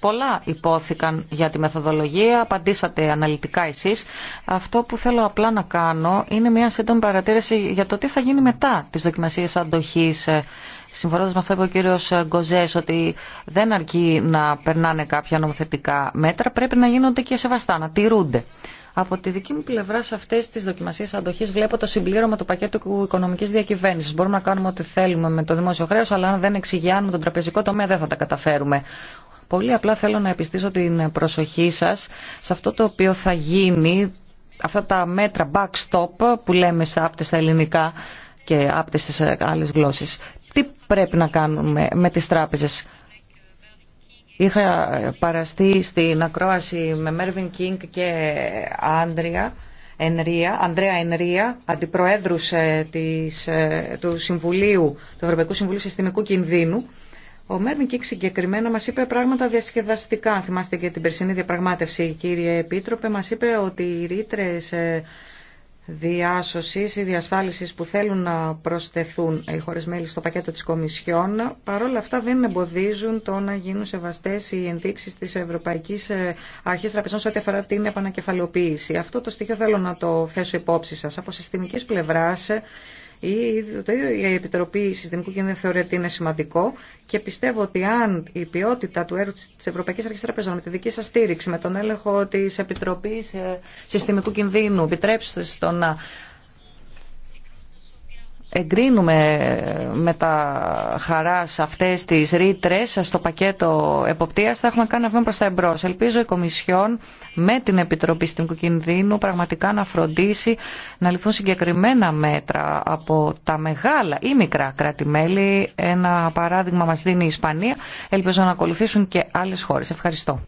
Πολλά υπόθηκαν για τη μεθοδολογία, απαντήσατε αναλυτικά εσείς. Αυτό που θέλω απλά να κάνω είναι μια σύντομη παρατήρηση για το τι θα γίνει μετά τις δοκιμασίες αντοχής ε, συμφωνώντας με αυτό που ο κύριος Γκοζές ότι δεν αρκεί να περνάνε κάποια νομοθετικά μέτρα, πρέπει να γίνονται και σεβαστά, να τηρούνται. Από τη δική μου πλευρά σε αυτές τις δοκιμασίες αντοχής βλέπω το συμπλήρωμα του πακέτου οικονομικής διακυβέρνησης. Μπορούμε να κάνουμε ό,τι θέλουμε με το δημόσιο χρέος, αλλά αν δεν εξηγιάνουμε τον τραπεζικό τομέα δεν θα τα καταφέρουμε. Πολύ απλά θέλω να επιστήσω την προσοχή σας σε αυτό το οποίο θα γίνει, αυτά τα μέτρα backstop που λέμε σε άπτες στα ελληνικά και άπτες στις άλλες γλώσσες. Τι πρέπει να κάνουμε με τις τράπεζες Είχα παραστεί στην ακρόαση με Μέρβιν Κίνγκ και Άντρια. Ενρία, Ανδρέα Ενρία, αντιπροέδρους ε, ε, του, Συμβουλίου, του Ευρωπαϊκού Συμβουλίου Συστημικού Κινδύνου. Ο Μέρβιν Κίνγκ συγκεκριμένα μας είπε πράγματα διασκεδαστικά. Θυμάστε και την περσινή διαπραγμάτευση, κύριε Επίτροπε, μας είπε ότι οι ρήτρε ε, διάσωσης ή διασφάλισης που θέλουν να προσθεθούν οι χώρες μέλη στο πακέτο της Κομισιόν, παρόλα αυτά δεν εμποδίζουν το να γίνουν σεβαστές οι ενδείξεις της Ευρωπαϊκής ε, Αρχής Τραπεζών σε ό,τι αφορά την επανακεφαλαιοποίηση. Αυτό το στοιχείο θέλω να το θέσω υπόψη σας. Από συστημικής πλευράς η, το ίδιο η Επιτροπή Συστημικού Κινδύνου θεωρεί ότι είναι σημαντικό και πιστεύω ότι αν η ποιότητα του έργου τη Ευρωπαϊκή Αρχή Τραπεζών με τη δική σα στήριξη, με τον έλεγχο τη Επιτροπή ε, Συστημικού Κινδύνου, επιτρέψει στο να εγκρίνουμε με τα χαρά αυτέ αυτές τις ρήτρε στο πακέτο εποπτείας θα έχουμε κάνει ένα βήμα προς τα εμπρό. Ελπίζω η Κομισιόν με την Επιτροπή στην Κινδύνου πραγματικά να φροντίσει να ληφθούν συγκεκριμένα μέτρα από τα μεγάλα ή μικρά κράτη-μέλη. Ένα παράδειγμα μας δίνει η Ισπανία. μα δινει η ισπανια ελπιζω να ακολουθήσουν και άλλε χώρε. Ευχαριστώ.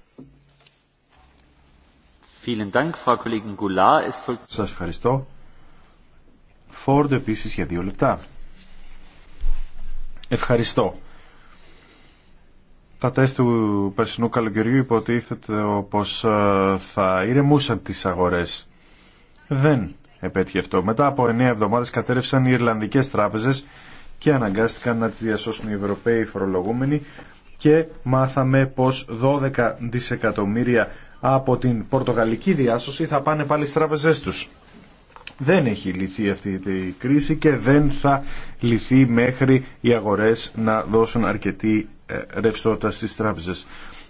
Σα ευχαριστώ. Φόρντ επίσης για δύο λεπτά. Ευχαριστώ. Τα τεστ του περσινού καλοκαιριού υποτίθεται πως ε, θα ηρεμούσαν τις αγορές. Δεν επέτυχε αυτό. Μετά από εννέα εβδομάδες κατέρευσαν οι Ιρλανδικές τράπεζες και αναγκάστηκαν να τις διασώσουν οι Ευρωπαίοι φορολογούμενοι και μάθαμε πως 12 δισεκατομμύρια από την πορτογαλική διάσωση θα πάνε πάλι στι τράπεζε τους. Δεν έχει λυθεί αυτή η κρίση και δεν θα λυθεί μέχρι οι αγορές να δώσουν αρκετή ε, ρευστότητα στις τράπεζες.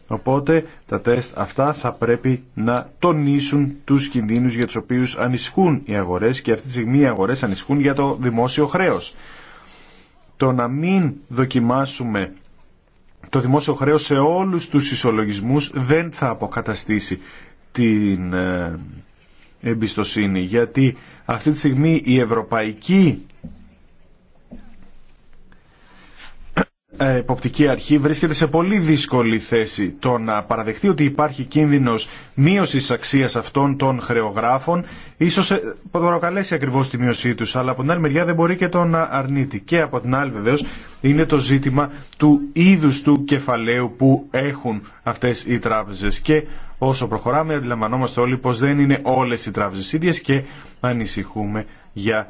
Οπότε τα τεστ αυτά θα πρέπει να τονίσουν τους κινδύνους για τους οποίους ανισχούν οι αγορές και αυτή τη στιγμή οι αγορές ανισχούν για το δημόσιο χρέος. Το να μην δοκιμάσουμε το δημόσιο χρέος σε όλους τους ισολογισμούς δεν θα αποκαταστήσει την ε, εμπιστοσύνη γιατί αυτή τη στιγμή η ευρωπαϊκή Ε, εποπτική αρχή βρίσκεται σε πολύ δύσκολη θέση το να παραδεχτεί ότι υπάρχει κίνδυνος μείωσης αξίας αυτών των χρεογράφων ίσως ε, προκαλέσει ακριβώς τη μείωσή τους αλλά από την άλλη μεριά δεν μπορεί και το να αρνείται και από την άλλη βεβαίως είναι το ζήτημα του είδους του κεφαλαίου που έχουν αυτές οι τράπεζες και όσο προχωράμε αντιλαμβανόμαστε όλοι πως δεν είναι όλες οι τράπεζες ίδιες και ανησυχούμε για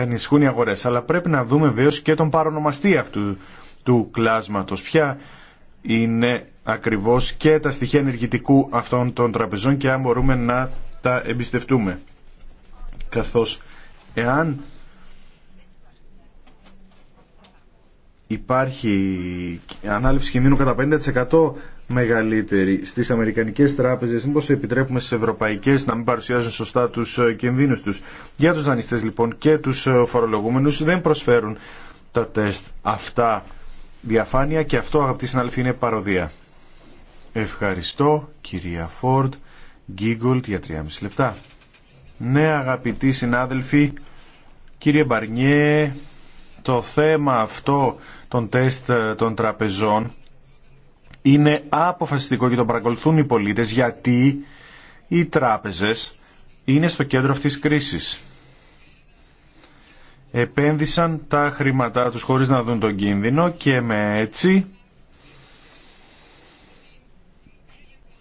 ανησυχούν ε, οι αγορές. Αλλά πρέπει να δούμε βέβαιως και τον παρονομαστή αυτού του κλάσματος. Ποια είναι ακριβώς και τα στοιχεία ενεργητικού αυτών των τραπεζών και αν μπορούμε να τα εμπιστευτούμε. Καθώς εάν υπάρχει ανάληψη κινδύνου κατά 50% μεγαλύτερη στις αμερικανικές τράπεζες, μήπως επιτρέπουμε στι ευρωπαϊκές να μην παρουσιάζουν σωστά του ε, κινδύνου τους. Για τους δανειστέ λοιπόν και τους ε, φορολογούμενους δεν προσφέρουν τα τεστ αυτά διαφάνεια και αυτό αγαπητοί συνάδελφοι είναι παροδία. Ευχαριστώ κυρία Φόρτ Γκίγκολτ για 3,5 λεπτά. Ναι αγαπητοί συνάδελφοι, κύριε Μπαρνιέ, το θέμα αυτό των τεστ ε, των τραπεζών είναι αποφασιστικό και τον παρακολουθούν οι πολίτες γιατί οι τράπεζες είναι στο κέντρο αυτής της κρίσης. Επένδυσαν τα χρήματά τους χωρίς να δουν τον κίνδυνο και με έτσι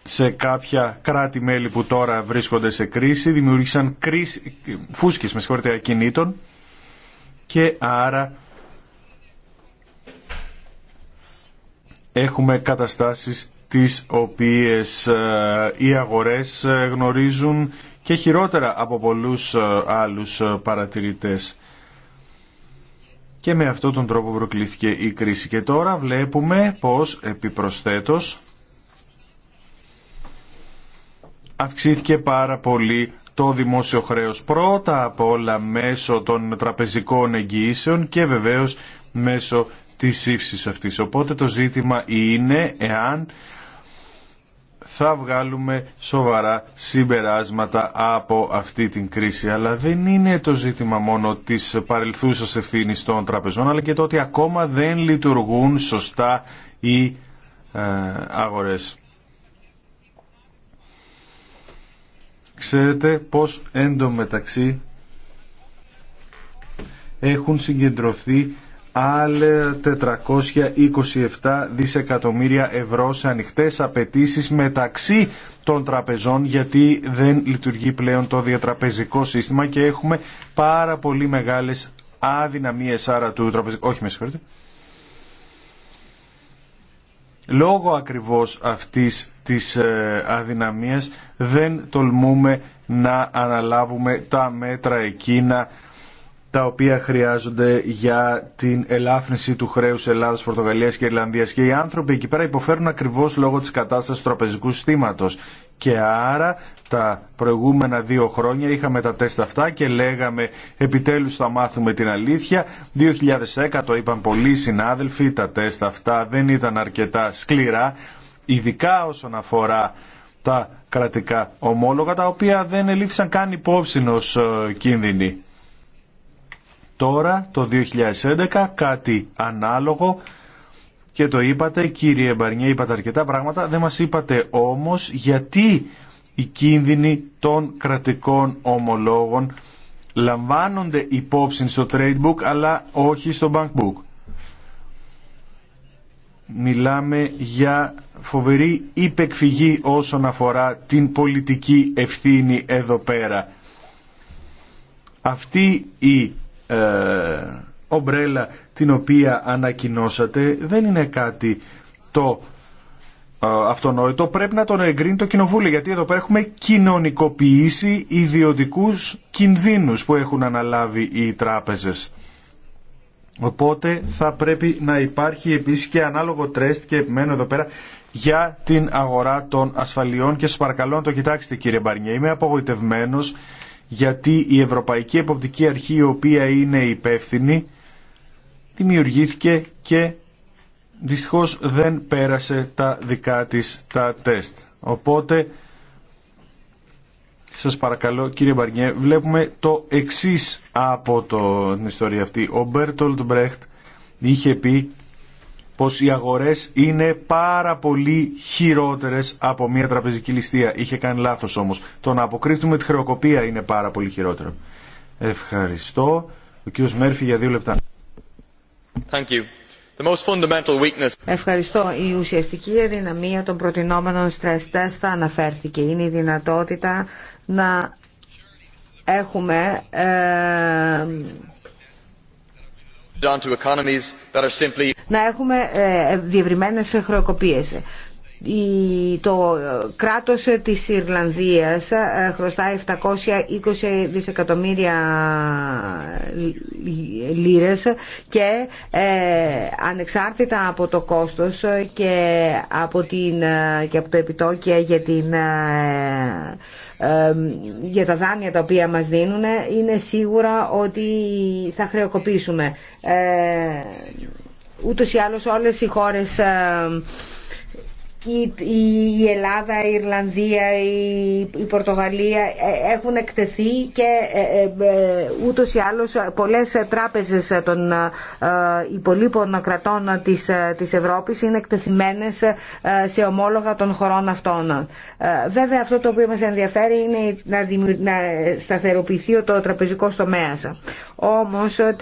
σε κάποια κράτη-μέλη που τώρα βρίσκονται σε κρίση δημιούργησαν κρίση, φούσκες με ακινήτων και άρα έχουμε καταστάσεις τις οποίες ε, οι αγορές ε, γνωρίζουν και χειρότερα από πολλούς ε, άλλους παρατηρητές. Και με αυτόν τον τρόπο προκλήθηκε η κρίση. Και τώρα βλέπουμε πως επιπροσθέτως αυξήθηκε πάρα πολύ το δημόσιο χρέος. Πρώτα απ' όλα μέσω των τραπεζικών εγγυήσεων και βεβαίως μέσω της ύψης αυτής. Οπότε το ζήτημα είναι εάν θα βγάλουμε σοβαρά συμπεράσματα από αυτή την κρίση. Αλλά δεν είναι το ζήτημα μόνο της παρελθούσας ευθύνη των τραπεζών, αλλά και το ότι ακόμα δεν λειτουργούν σωστά οι ε, αγορές. Ξέρετε πως εντωμεταξύ έχουν συγκεντρωθεί άλλα 427 δισεκατομμύρια ευρώ σε ανοιχτές απαιτήσει μεταξύ των τραπεζών γιατί δεν λειτουργεί πλέον το διατραπεζικό σύστημα και έχουμε πάρα πολύ μεγάλες αδυναμίες άρα του τραπεζικού... Όχι, με συγχωρείτε. Λόγω ακριβώς αυτής της ε, αδυναμίας δεν τολμούμε να αναλάβουμε τα μέτρα εκείνα τα οποία χρειάζονται για την ελάφρυνση του χρέου Ελλάδα, Πορτογαλία και Ιρλανδία. Και οι άνθρωποι εκεί πέρα υποφέρουν ακριβώ λόγω τη κατάσταση του τραπεζικού συστήματο. Και άρα τα προηγούμενα δύο χρόνια είχαμε τα τεστ αυτά και λέγαμε επιτέλου θα μάθουμε την αλήθεια. 2010 είπαν πολλοί συνάδελφοι, τα τεστ αυτά δεν ήταν αρκετά σκληρά, ειδικά όσον αφορά τα κρατικά ομόλογα, τα οποία δεν ελήφθησαν καν υπόψη ω ε, κίνδυνοι τώρα το 2011 κάτι ανάλογο και το είπατε κύριε Μπαρνιέ, είπατε αρκετά πράγματα, δεν μας είπατε όμως γιατί οι κίνδυνοι των κρατικών ομολόγων λαμβάνονται υπόψη στο trade book αλλά όχι στο bank book. Μιλάμε για φοβερή υπεκφυγή όσον αφορά την πολιτική ευθύνη εδώ πέρα. Αυτή η ε, ομπρέλα την οποία ανακοινώσατε δεν είναι κάτι το ε, αυτονόητο. Πρέπει να τον εγκρίνει το κοινοβούλιο γιατί εδώ πέρα έχουμε κοινωνικοποιήσει ιδιωτικούς κινδύνους που έχουν αναλάβει οι τράπεζες. Οπότε θα πρέπει να υπάρχει επίσης και ανάλογο τρέστ και επιμένω εδώ πέρα για την αγορά των ασφαλιών και σας παρακαλώ να το κοιτάξετε κύριε Μπαρνιέ. Είμαι απογοητευμένος γιατί η Ευρωπαϊκή Εποπτική Αρχή η οποία είναι υπεύθυνη δημιουργήθηκε και δυστυχώς δεν πέρασε τα δικά της τα τεστ. Οπότε σας παρακαλώ κύριε Μπαρνιέ βλέπουμε το εξής από το, την ιστορία αυτή. Ο Μπέρτολτ Μπρέχτ είχε πει πως οι αγορές είναι πάρα πολύ χειρότερες από μια τραπεζική ληστεία. Είχε κάνει λάθος όμως. Το να αποκρύφτουμε τη χρεοκοπία είναι πάρα πολύ χειρότερο. Ευχαριστώ. Ο κ. Μέρφυ για δύο λεπτά. Ευχαριστώ. Η ουσιαστική αδυναμία των προτινόμενων stress test θα αναφέρθηκε. Είναι η δυνατότητα να έχουμε... Ε, να έχουμε ε, διευρυμένες χρεοκοπίες το κράτος της Ιρλανδίας ε, χρωστάει 720 δισεκατομμύρια λίρες και ε, ανεξάρτητα από το κόστος και από, την, ε, και από το επιτόκια για, την, για τα δάνεια τα οποία μας δίνουν είναι σίγουρα ότι θα χρεοκοπήσουμε. ούτως ή άλλως όλες οι χώρες η Ελλάδα, η Ιρλανδία, η Πορτογαλία ε, έχουν εκτεθεί και ε, ε, ούτως ή άλλως πολλές τράπεζες των υπολείπων κρατών της, της Ευρώπης είναι εκτεθειμένες σε ομόλογα των χωρών αυτών. Βέβαια αυτό το οποίο μας ενδιαφέρει είναι να, σταθεροποιηθεί το τραπεζικό τομέα. Όμως 33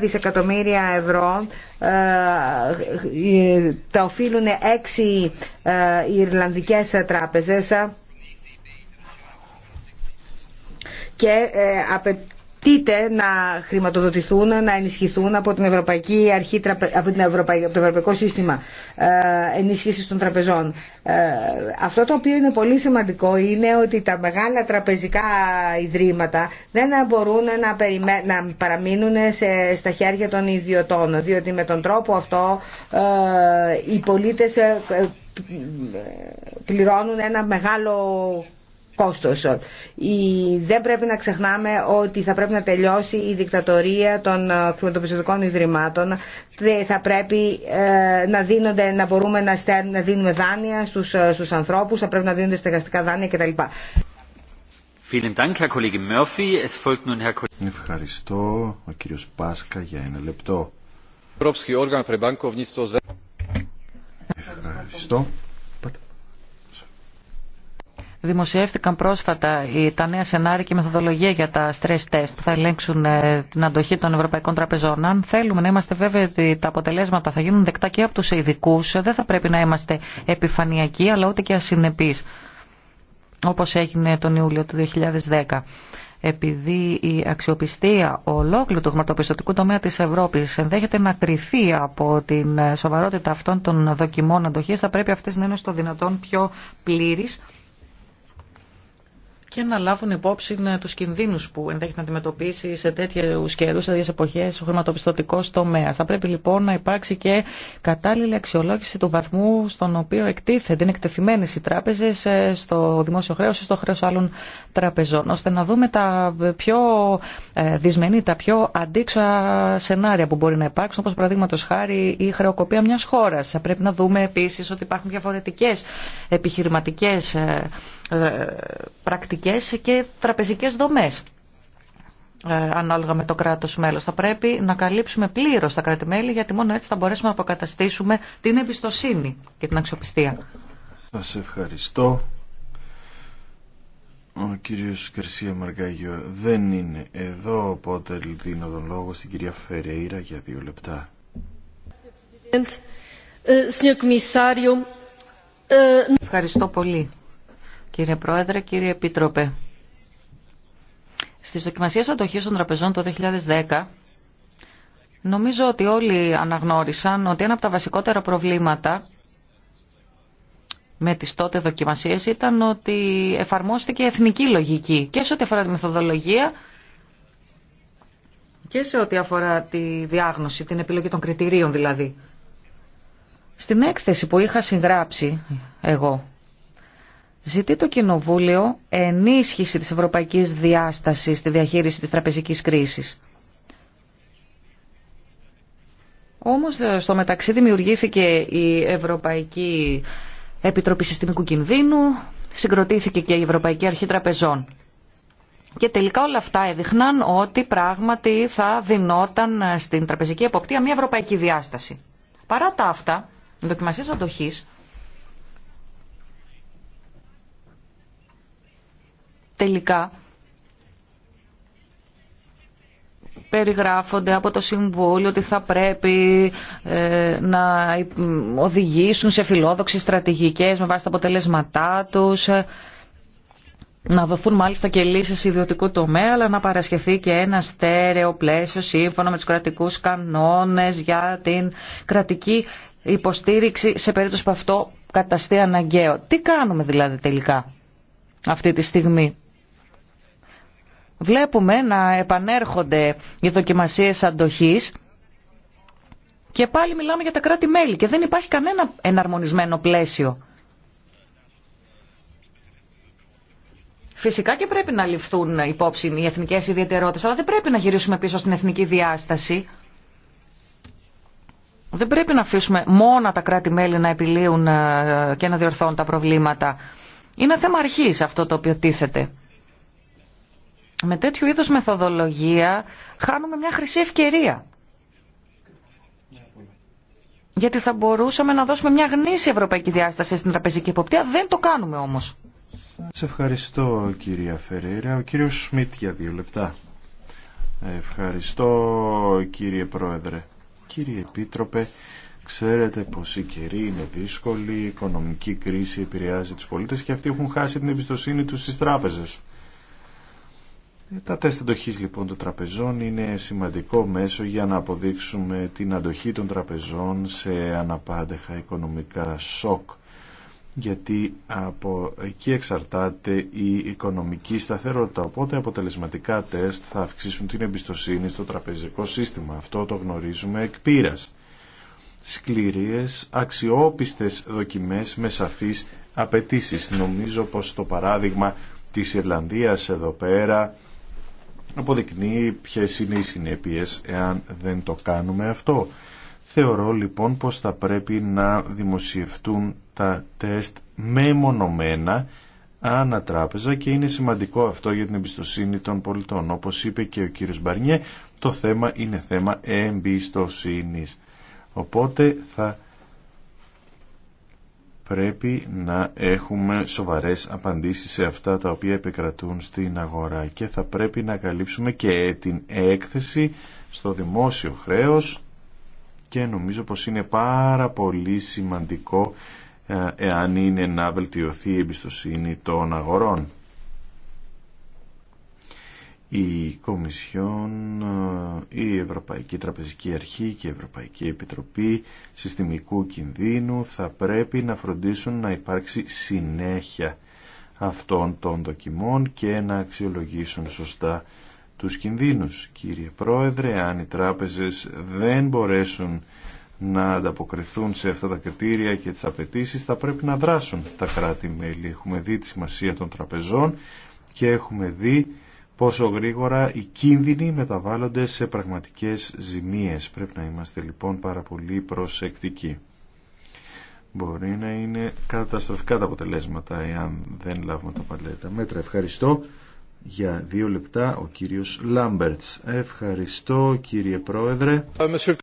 δισεκατομμύρια ευρώ ε, τα οφείλουν έξι ε, Ιρλανδικές τράπεζες και ε, Τίτε να χρηματοδοτηθούν, να ενισχυθούν από την Ευρωπαϊκή Αρχή, από, την το Ευρωπαϊκό Σύστημα ε, Ενίσχυσης των Τραπεζών. Ε, αυτό το οποίο είναι πολύ σημαντικό είναι ότι τα μεγάλα τραπεζικά ιδρύματα δεν μπορούν να, περιμέ... παραμείνουν στα χέρια των ιδιωτών, διότι με τον τρόπο αυτό ε, οι πολίτες ε, ε, πληρώνουν ένα μεγάλο κόστος. Δεν πρέπει να ξεχνάμε ότι θα πρέπει να τελειώσει η δικτατορία των ε, χρηματοπιστωτικών ιδρυμάτων. Θα πρέπει ε, να δίνονται, να μπορούμε να, να δίνουμε δάνεια στους, ε, στους ανθρώπους, θα πρέπει να δίνονται στεγαστικά δάνεια κτλ. Ευχαριστώ. Ο κύριος Πάσκα για ένα λεπτό. Ευχαριστώ. Δημοσιεύτηκαν πρόσφατα τα νέα σενάρια και η μεθοδολογία για τα stress test που θα ελέγξουν ε, την αντοχή των Ευρωπαϊκών Τραπεζών. Αν θέλουμε να είμαστε βέβαιοι ότι τα αποτελέσματα θα γίνουν δεκτά και από του ειδικού, ε, δεν θα πρέπει να είμαστε επιφανειακοί αλλά ούτε και ασυνεπεί, όπω έγινε τον Ιούλιο του 2010 επειδή η αξιοπιστία ολόκληρου του χρηματοπιστωτικού τομέα της Ευρώπης ενδέχεται να κρυθεί από την ε, σοβαρότητα αυτών των δοκιμών αντοχή, θα πρέπει αυτές να είναι στο δυνατόν πιο πλήρης και να λάβουν υπόψη ε, του κινδύνου που ενδέχεται να αντιμετωπίσει σε τέτοιου καιρού σε τέτοιε εποχέ, ο χρηματοπιστωτικό τομέα. Θα πρέπει λοιπόν να υπάρξει και κατάλληλη αξιολόγηση του βαθμού στον οποίο εκτίθεται, είναι εκτεθειμένες οι τράπεζε ε, στο δημόσιο χρέο ή στο χρέο άλλων τραπεζών, ώστε να δούμε τα πιο ε, δυσμενή, τα πιο αντίξωα σενάρια που μπορεί να υπάρξουν, όπω παραδείγματο χάρη η χρεοκοπία μια χώρα. Θα πρέπει να δούμε επίση ότι υπάρχουν διαφορετικέ επιχειρηματικέ πρακτικέ χρηματοπιστωτικές και τραπεζικές δομές ανάλογα με το κράτος μέλος. Θα πρέπει να καλύψουμε πλήρως τα κράτη-μέλη γιατί μόνο έτσι θα μπορέσουμε να αποκαταστήσουμε την εμπιστοσύνη και την αξιοπιστία. Σας ευχαριστώ. Ο κύριος Κερσία Μαργκάγιο δεν είναι εδώ, οπότε δίνω τον λόγο στην κυρία Φερέιρα για δύο λεπτά. Ευχαριστώ πολύ. Κύριε Πρόεδρε, κύριε Επίτροπε, στις δοκιμασίες αντοχής των τραπεζών το 2010 νομίζω ότι όλοι αναγνώρισαν ότι ένα από τα βασικότερα προβλήματα με τις τότε δοκιμασίες ήταν ότι εφαρμόστηκε εθνική λογική και σε ό,τι αφορά τη μεθοδολογία και σε ό,τι αφορά τη διάγνωση, την επιλογή των κριτηρίων δηλαδή. Στην έκθεση που είχα συγγράψει εγώ Ζητεί το Κοινοβούλιο ενίσχυση της ευρωπαϊκής διάστασης στη διαχείριση της τραπεζικής κρίσης. Όμως στο μεταξύ δημιουργήθηκε η Ευρωπαϊκή Επιτροπή Συστημικού Κινδύνου, συγκροτήθηκε και η Ευρωπαϊκή Αρχή Τραπεζών. Και τελικά όλα αυτά έδειχναν ότι πράγματι θα δινόταν στην τραπεζική εποπτεία μια ευρωπαϊκή διάσταση. Παρά τα αυτά, δοκιμασίες αντοχής τελικά περιγράφονται από το Συμβούλιο ότι θα πρέπει ε, να οδηγήσουν σε φιλόδοξες στρατηγικές με βάση τα αποτελέσματά τους ε, να δοθούν μάλιστα και λύσεις ιδιωτικού τομέα, αλλά να παρασχεθεί και ένα στέρεο πλαίσιο σύμφωνα με τους κρατικούς κανόνες για την κρατική υποστήριξη σε περίπτωση που αυτό καταστεί αναγκαίο. Τι κάνουμε δηλαδή τελικά αυτή τη στιγμή βλέπουμε να επανέρχονται οι δοκιμασίες αντοχής και πάλι μιλάμε για τα κράτη-μέλη και δεν υπάρχει κανένα εναρμονισμένο πλαίσιο. Φυσικά και πρέπει να ληφθούν υπόψη οι εθνικές ιδιαιτερότητες, αλλά δεν πρέπει να γυρίσουμε πίσω στην εθνική διάσταση. Δεν πρέπει να αφήσουμε μόνο τα κράτη-μέλη να επιλύουν ε, και να διορθώνουν τα προβλήματα. Είναι θέμα αρχής αυτό το οποίο τίθεται με τέτοιου είδους μεθοδολογία χάνουμε μια χρυσή ευκαιρία. Γιατί θα μπορούσαμε να δώσουμε μια γνήσια ευρωπαϊκή διάσταση στην τραπεζική υποπτία. Δεν το κάνουμε όμως. Σε ευχαριστώ κυρία Φερέρα. Ο κύριος Σμιτ για δύο λεπτά. Ευχαριστώ κύριε Πρόεδρε. Κύριε Επίτροπε, ξέρετε πως η καιρή είναι δύσκολη, η οικονομική κρίση επηρεάζει τους πολίτες και αυτοί έχουν χάσει την εμπιστοσύνη τους στις τράπεζες. Τα τεστ αντοχής λοιπόν των τραπεζών είναι σημαντικό μέσο για να αποδείξουμε την αντοχή των τραπεζών σε αναπάντεχα οικονομικά σοκ γιατί από εκεί εξαρτάται η οικονομική σταθερότητα. Οπότε αποτελεσματικά τεστ θα αυξήσουν την εμπιστοσύνη στο τραπεζικό σύστημα. Αυτό το γνωρίζουμε εκ πείρας. Σκληρίες, αξιόπιστες δοκιμές με σαφείς απαιτήσει. Νομίζω πως το παράδειγμα της Ιρλανδίας εδώ πέρα αποδεικνύει ποιε είναι οι συνέπειες εάν δεν το κάνουμε αυτό. Θεωρώ λοιπόν πως θα πρέπει να δημοσιευτούν τα τεστ μεμονωμένα ανά τράπεζα και είναι σημαντικό αυτό για την εμπιστοσύνη των πολιτών. Όπως είπε και ο κύριος Μπαρνιέ, το θέμα είναι θέμα εμπιστοσύνης. Οπότε θα πρέπει να έχουμε σοβαρές απαντήσεις σε αυτά τα οποία επικρατούν στην αγορά και θα πρέπει να καλύψουμε και την έκθεση στο δημόσιο χρέος και νομίζω πως είναι πάρα πολύ σημαντικό ε, εάν είναι να βελτιωθεί η εμπιστοσύνη των αγορών η Κομισιόν, η Ευρωπαϊκή Τραπεζική Αρχή και η Ευρωπαϊκή Επιτροπή Συστημικού Κινδύνου θα πρέπει να φροντίσουν να υπάρξει συνέχεια αυτών των δοκιμών και να αξιολογήσουν σωστά τους κινδύνους. Κύριε Πρόεδρε, αν οι τράπεζες δεν μπορέσουν να ανταποκριθούν σε αυτά τα κριτήρια και τις απαιτήσει, θα πρέπει να δράσουν τα κράτη-μέλη. Έχουμε δει τη σημασία των τραπεζών και έχουμε δει πόσο γρήγορα οι κίνδυνοι μεταβάλλονται σε πραγματικές ζημίες. Πρέπει να είμαστε λοιπόν πάρα πολύ προσεκτικοί. Μπορεί να είναι καταστροφικά τα αποτελέσματα εάν δεν λάβουμε τα παλέτα μέτρα. Ευχαριστώ. Για δύο λεπτά ο κύριος Λάμπερτς. Ευχαριστώ κύριε Πρόεδρε.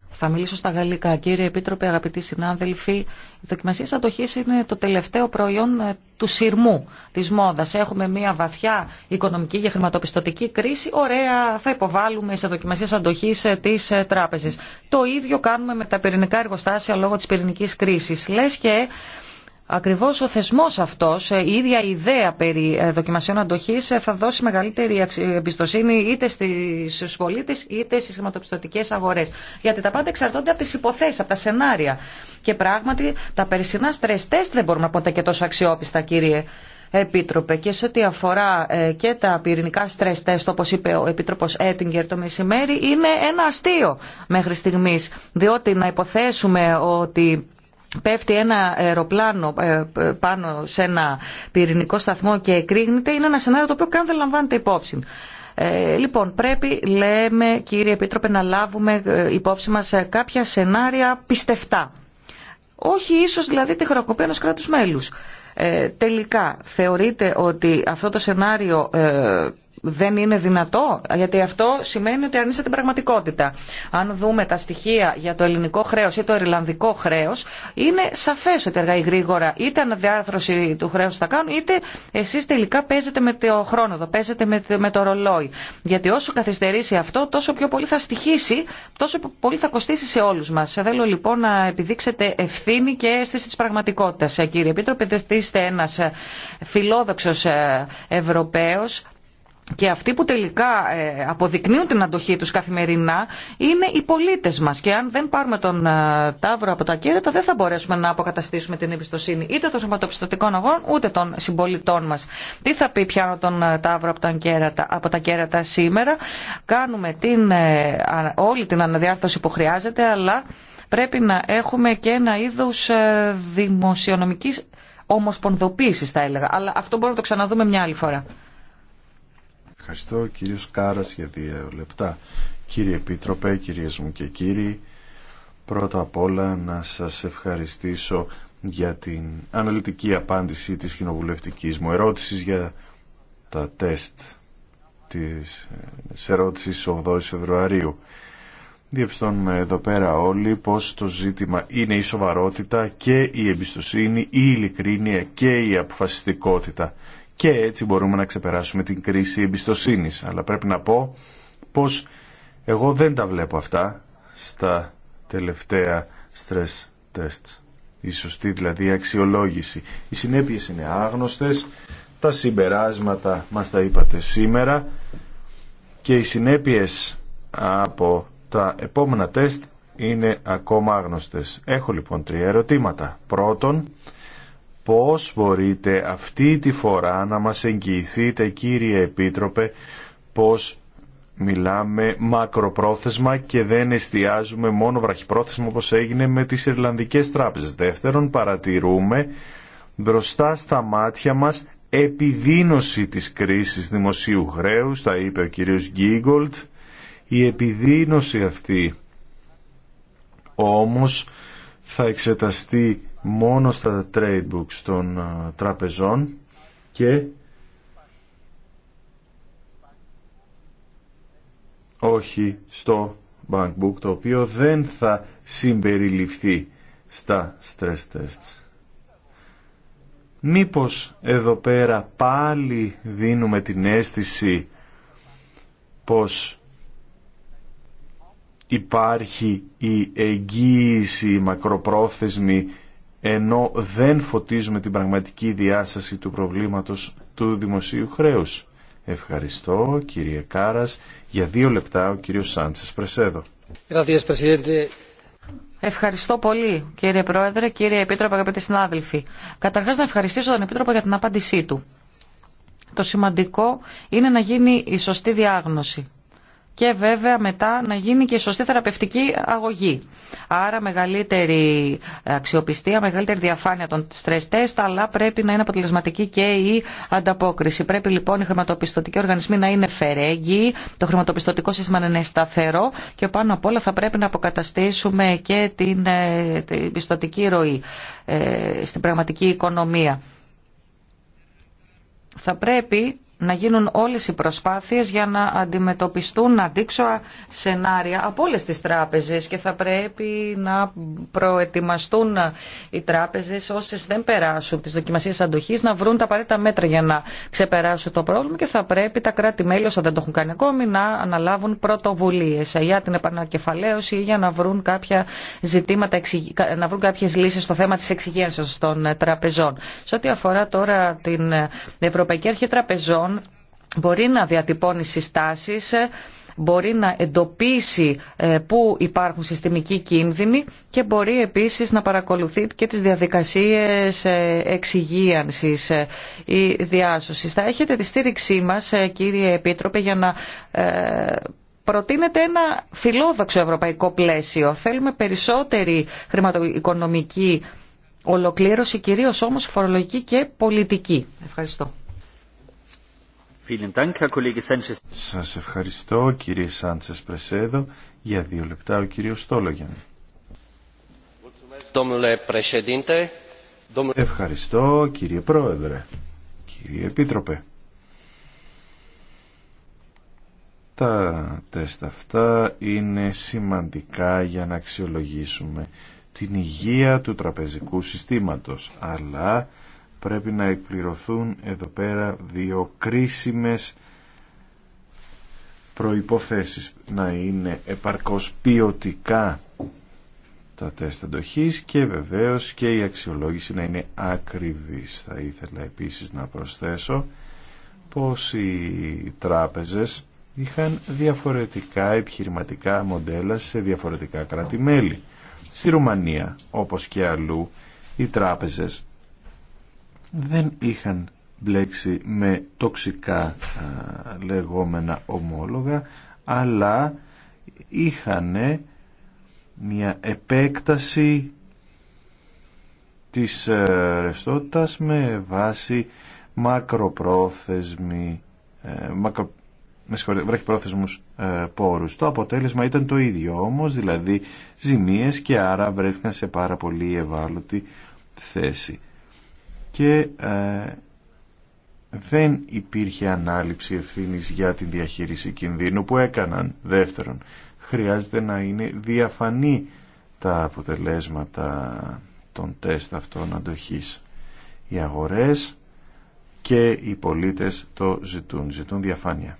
Θα μιλήσω στα γαλλικά. Κύριε Επίτροπε, αγαπητοί συνάδελφοι, οι δοκιμασία αντοχής είναι το τελευταίο προϊόν ε, του σειρμού της μόδας. Έχουμε μια βαθιά οικονομική και χρηματοπιστωτική κρίση. Ωραία, θα υποβάλουμε σε δοκιμασίες αντοχής ε, τις ε, τράπεζες. Το ίδιο κάνουμε με τα πυρηνικά εργοστάσια λόγω της πυρηνικής κρίσης. Λες και Ακριβώς ο θεσμός αυτός, ε, η ίδια ιδέα περί ε, δοκιμασιών αντοχής ε, θα δώσει μεγαλύτερη εμπιστοσύνη είτε στους πολίτες είτε στις χρηματοπιστωτικές αγορές. Γιατί τα πάντα εξαρτώνται από τις υποθέσεις, από τα σενάρια. Και πράγματι τα περσινά stress test δεν μπορούμε να πούμε και τόσο αξιόπιστα κύριε. Επίτροπε και σε ό,τι αφορά και τα πυρηνικά stress test όπως είπε ο Επίτροπος Έτιγκερ το μεσημέρι είναι ένα αστείο μέχρι στιγμής διότι να υποθέσουμε ότι πέφτει ένα αεροπλάνο ε, πάνω σε ένα πυρηνικό σταθμό και εκρήγνεται είναι ένα σενάριο το οποίο καν δεν λαμβάνεται υπόψη. Ε, λοιπόν, πρέπει, λέμε, κύριε Επίτροπε, να λάβουμε ε, υπόψη μας κάποια σενάρια πιστευτά. Όχι ίσως δηλαδή τη χρονοκοπία ενός κράτους μέλους. Ε, τελικά, θεωρείτε ότι αυτό το σενάριο ε, δεν είναι δυνατό, γιατί αυτό σημαίνει ότι αρνείστε την πραγματικότητα. Αν δούμε τα στοιχεία για το ελληνικό χρέο ή το ιρλανδικό χρέο, είναι σαφέ ότι αργά ή γρήγορα είτε αναδιάρθρωση του χρέου θα κάνουν, είτε εσεί τελικά παίζετε με το χρόνο, παίζετε με το ρολόι. Γιατί όσο καθυστερήσει αυτό, τόσο πιο πολύ θα στοιχήσει, τόσο πολύ θα κοστίσει σε όλου μα. Θέλω λοιπόν να επιδείξετε ευθύνη και αίσθηση τη πραγματικότητα, ε, κύριε Επίτροπε, διότι είστε ένα ε, φιλόδοξο ε, Ευρωπαίο και αυτοί που τελικά ε, αποδεικνύουν την αντοχή τους καθημερινά είναι οι πολίτες μας και αν δεν πάρουμε τον ε, τάβρο από τα κέρατα δεν θα μπορέσουμε να αποκαταστήσουμε την εμπιστοσύνη είτε των χρηματοπιστωτικών αγών ούτε των συμπολιτών μας. Τι θα πει πιάνω τον ε, τάβρο από τα κέρατα, από τα κέρατα σήμερα. Κάνουμε την, όλη την αναδιάρθρωση που χρειάζεται αλλά πρέπει να έχουμε και ένα είδος δημοσιονομικής ομοσπονδοποίησης θα έλεγα. Αλλά αυτό μπορούμε να το ξαναδούμε μια άλλη φορά. Ευχαριστώ Κύριο Κάρας για δύο λεπτά. Κύριε Επίτροπε, κύριε μου και κύριοι, πρώτα απ' όλα να σας ευχαριστήσω για την αναλυτική απάντηση της κοινοβουλευτική μου ερώτησης για τα τεστ της ε, ερωτηση 8 Φεβρουαρίου. Διαπιστώνουμε εδώ πέρα όλοι πως το ζήτημα είναι η σοβαρότητα και η εμπιστοσύνη, η ειλικρίνεια και η αποφασιστικότητα και έτσι μπορούμε να ξεπεράσουμε την κρίση εμπιστοσύνης. Αλλά πρέπει να πω πως εγώ δεν τα βλέπω αυτά στα τελευταία stress tests. Η σωστή δηλαδή αξιολόγηση. Οι συνέπειες είναι άγνωστες, τα συμπεράσματα μας τα είπατε σήμερα και οι συνέπειες από τα επόμενα τεστ είναι ακόμα άγνωστες. Έχω λοιπόν τρία ερωτήματα. Πρώτον, πώς μπορείτε αυτή τη φορά να μας εγγυηθείτε κύριε Επίτροπε πως μιλάμε μακροπρόθεσμα και δεν εστιάζουμε μόνο βραχυπρόθεσμα όπως έγινε με τις Ιρλανδικές τράπεζες. Δεύτερον παρατηρούμε μπροστά στα μάτια μας επιδίνωση της κρίσης δημοσίου χρέους, τα είπε ο κύριος Γκίγκολτ, η επιδίνωση αυτή όμως θα εξεταστεί μόνο στα trade books των ε, τραπεζών και όχι στο bank book το οποίο δεν θα συμπεριληφθεί στα stress tests. Μήπως εδώ πέρα πάλι δίνουμε την αίσθηση πως υπάρχει η εγγύηση μακροπρόθεσμη ενώ δεν φωτίζουμε την πραγματική διάσταση του προβλήματος του δημοσίου χρέους. Ευχαριστώ κύριε Κάρας. Για δύο λεπτά ο κύριος Σάντσες Πρεσέδο. Ευχαριστώ πολύ κύριε Πρόεδρε, κύριε Επίτροπο, αγαπητοί συνάδελφοι. Καταρχάς να ευχαριστήσω τον Επίτροπο για την απάντησή του. Το σημαντικό είναι να γίνει η σωστή διάγνωση και βέβαια μετά να γίνει και σωστή θεραπευτική αγωγή. Άρα μεγαλύτερη αξιοπιστία, μεγαλύτερη διαφάνεια των stress test, αλλά πρέπει να είναι αποτελεσματική και η ανταπόκριση. Πρέπει λοιπόν οι χρηματοπιστωτικοί οργανισμοί να είναι φερέγγοι, το χρηματοπιστωτικό σύστημα να είναι σταθερό και πάνω απ' όλα θα πρέπει να αποκαταστήσουμε και την, ε, την πιστωτική ροή ε, στην πραγματική οικονομία. Θα πρέπει να γίνουν όλες οι προσπάθειες για να αντιμετωπιστούν αντίξωα σενάρια από όλες τις τράπεζες και θα πρέπει να προετοιμαστούν οι τράπεζες όσες δεν περάσουν τις δοκιμασίες αντοχής να βρουν τα απαραίτητα μέτρα για να ξεπεράσουν το πρόβλημα και θα πρέπει τα κράτη-μέλη όσα δεν το έχουν κάνει ακόμη να αναλάβουν πρωτοβουλίες για την επανακεφαλαίωση ή για να βρουν κάποια ζητήματα, να βρουν κάποιες λύσεις στο θέμα της εξυγένσεως των τραπεζών. Σε ό,τι αφορά τώρα την Ευρωπαϊκή Αρχή Τραπεζών μπορεί να διατυπώνει συστάσεις, ε, μπορεί να εντοπίσει ε, πού υπάρχουν συστημικοί κίνδυνοι και μπορεί επίσης να παρακολουθεί και τις διαδικασίες ε, εξυγίανσης ή διάσωσης. Θα έχετε τη στήριξή μας, κύριε Επίτροπε, για να προτείνετε ένα φιλόδοξο ευρωπαϊκό πλαίσιο. Θέλουμε περισσότερη χρηματοοικονομική ολοκλήρωση, κυρίως όμως φορολογική και πολιτική. Ευχαριστώ. Σας ευχαριστώ κύριε Σάντσες Πρεσέδο. Για δύο λεπτά ο κύριος Στόλογεν. Ευχαριστώ κύριε Πρόεδρε, κύριε Επίτροπε. Τα τεστ αυτά είναι σημαντικά για να αξιολογήσουμε την υγεία του τραπεζικού συστήματος, αλλά πρέπει να εκπληρωθούν εδώ πέρα δύο κρίσιμες προϋποθέσεις να είναι επαρκώς ποιοτικά τα τεστ αντοχής και βεβαίως και η αξιολόγηση να είναι ακριβής. Θα ήθελα επίσης να προσθέσω πως οι τράπεζες είχαν διαφορετικά επιχειρηματικά μοντέλα σε διαφορετικά κράτη-μέλη. Στη Ρουμανία, όπως και αλλού, οι τράπεζες δεν είχαν μπλέξει με τοξικά λεγόμενα ομόλογα αλλά είχαν μια επέκταση της ε, ρευστότητα με βάση μακροπρόθεσμη ε, μακρο, με βραχυπρόθεσμους ε, πόρους. Το αποτέλεσμα ήταν το ίδιο όμως, δηλαδή ζημίες και άρα βρέθηκαν σε πάρα πολύ ευάλωτη θέση και ε, δεν υπήρχε ανάληψη ευθύνης για την διαχείριση κινδύνου που έκαναν. Δεύτερον, χρειάζεται να είναι διαφανή τα αποτελέσματα των τεστ αυτών αντοχής. Οι αγορές και οι πολίτες το ζητούν, ζητούν διαφάνεια.